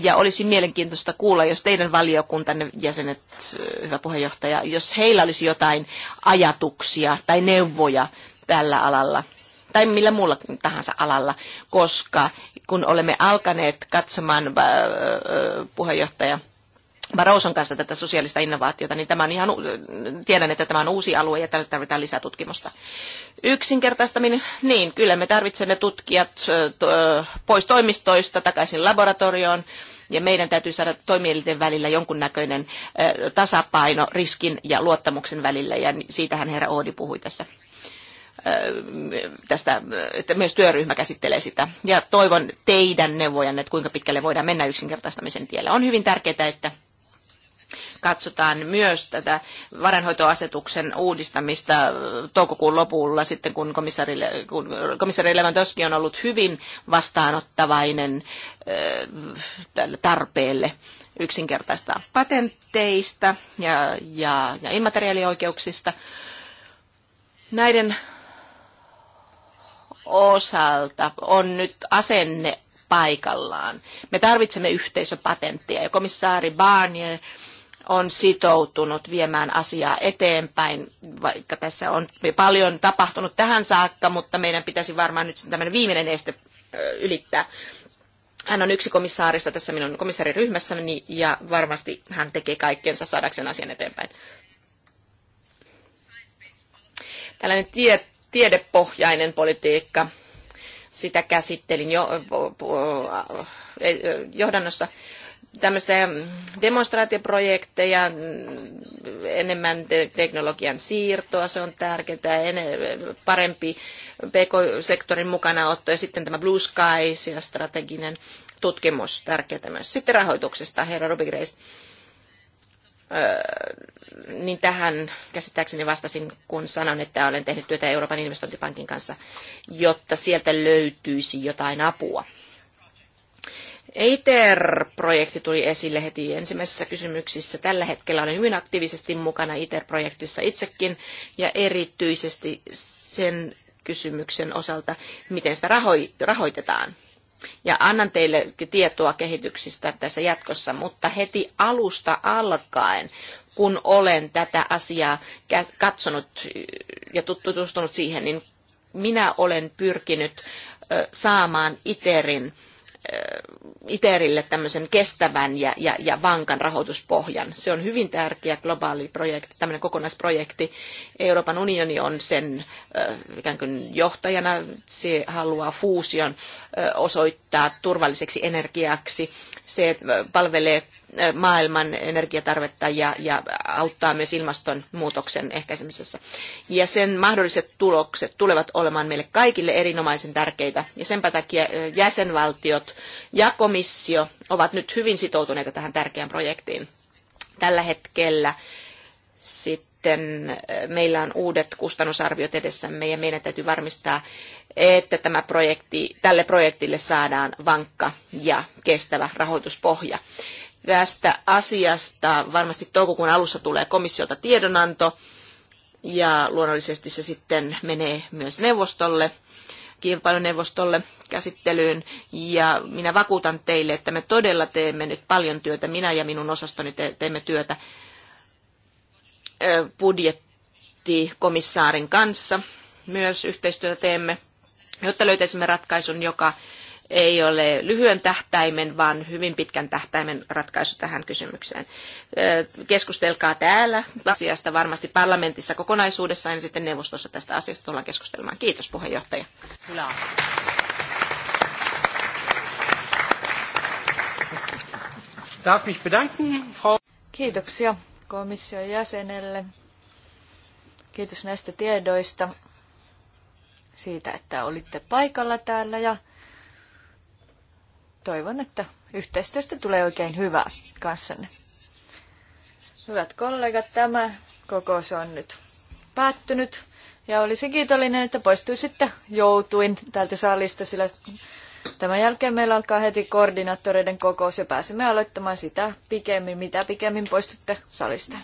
Speaker 3: Ja olisi mielenkiintoista kuulla, jos teidän valiokuntanne jäsenet, äh, hyvä puheenjohtaja, jos heillä olisi jotain ajatuksia tai neuvoja tällä alalla tai millä muulla tahansa alalla, koska kun olemme alkaneet katsomaan äh, puheenjohtaja Barroson kanssa tätä sosiaalista innovaatiota, niin tämä on ihan, tiedän, että tämä on uusi alue ja tällä tarvitaan lisää tutkimusta. Yksinkertaistaminen, niin kyllä me tarvitsemme tutkijat pois toimistoista takaisin laboratorioon ja meidän täytyy saada toimielinten välillä jonkunnäköinen tasapaino riskin ja luottamuksen välillä ja siitähän herra Oodi puhui tässä tästä, että myös työryhmä käsittelee sitä. Ja toivon teidän neuvojanne, että kuinka pitkälle voidaan mennä yksinkertaistamisen tiellä. On hyvin tärkeää, että katsotaan myös tätä varainhoitoasetuksen uudistamista toukokuun lopulla sitten, kun komissari, kun komissari Lewandowski on ollut hyvin vastaanottavainen äh, tälle tarpeelle yksinkertaista patenteista ja, ja, ja immateriaalioikeuksista. Näiden osalta on nyt asenne paikallaan. Me tarvitsemme yhteisöpatenttia ja komissaari Barnier on sitoutunut viemään asiaa eteenpäin, vaikka tässä on paljon tapahtunut tähän saakka, mutta meidän pitäisi varmaan nyt tämmöinen viimeinen este ylittää. Hän on yksi komissaarista tässä minun komissaariryhmässäni ja varmasti hän tekee kaikkensa saadakseen asian eteenpäin. Tällainen tie, tiedepohjainen politiikka, sitä käsittelin jo johdannossa tämmöistä demonstraatioprojekteja, mm, enemmän te- teknologian siirtoa, se on tärkeää, en- parempi PK-sektorin mukanaotto ja sitten tämä Blue Skies ja strateginen tutkimus, tärkeää myös. Sitten rahoituksesta, herra Ruby Öö, niin tähän käsittääkseni vastasin, kun sanon, että olen tehnyt työtä Euroopan investointipankin kanssa, jotta sieltä löytyisi jotain apua ITER-projekti tuli esille heti ensimmäisissä kysymyksissä. Tällä hetkellä olen hyvin aktiivisesti mukana ITER-projektissa itsekin ja erityisesti sen kysymyksen osalta, miten sitä rahoitetaan. Ja annan teille tietoa kehityksistä tässä jatkossa, mutta heti alusta alkaen, kun olen tätä asiaa katsonut ja tutustunut siihen, niin minä olen pyrkinyt saamaan ITERin ITERille tämmöisen kestävän ja, ja, ja vankan rahoituspohjan. Se on hyvin tärkeä globaali projekti, tämmöinen kokonaisprojekti. Euroopan unioni on sen äh, ikään kuin johtajana. Se haluaa fuusion äh, osoittaa turvalliseksi energiaksi. Se äh, palvelee maailman energiatarvetta ja, ja auttaa myös ilmastonmuutoksen ehkäisemisessä. Ja sen mahdolliset tulokset tulevat olemaan meille kaikille erinomaisen tärkeitä. Ja senpä takia jäsenvaltiot ja komissio ovat nyt hyvin sitoutuneita tähän tärkeään projektiin. Tällä hetkellä sitten meillä on uudet kustannusarviot edessämme ja meidän täytyy varmistaa, että tämä projekti, tälle projektille saadaan vankka ja kestävä rahoituspohja. Tästä asiasta varmasti toukokuun alussa tulee komissiolta tiedonanto ja luonnollisesti se sitten menee myös neuvostolle, kilpailuneuvostolle käsittelyyn. Ja minä vakuutan teille, että me todella teemme nyt paljon työtä. Minä ja minun osastoni teemme työtä budjettikomissaarin kanssa. Myös yhteistyötä teemme, jotta löytäisimme ratkaisun, joka ei ole lyhyen tähtäimen, vaan hyvin pitkän tähtäimen ratkaisu tähän kysymykseen. Keskustelkaa täällä asiasta varmasti parlamentissa kokonaisuudessaan ja sitten neuvostossa tästä asiasta tullaan keskustelemaan. Kiitos puheenjohtaja.
Speaker 2: Hyvä.
Speaker 1: Darf mich bedanken, Frau... Kiitoksia komission jäsenelle. Kiitos näistä tiedoista siitä, että olitte paikalla täällä ja toivon, että yhteistyöstä tulee oikein hyvää kanssanne. Hyvät kollegat, tämä kokous on nyt päättynyt. Ja olisin kiitollinen, että poistuisitte joutuin täältä salista, sillä tämän jälkeen meillä alkaa heti koordinaattoreiden kokous ja pääsemme aloittamaan sitä pikemmin, mitä pikemmin poistutte salista.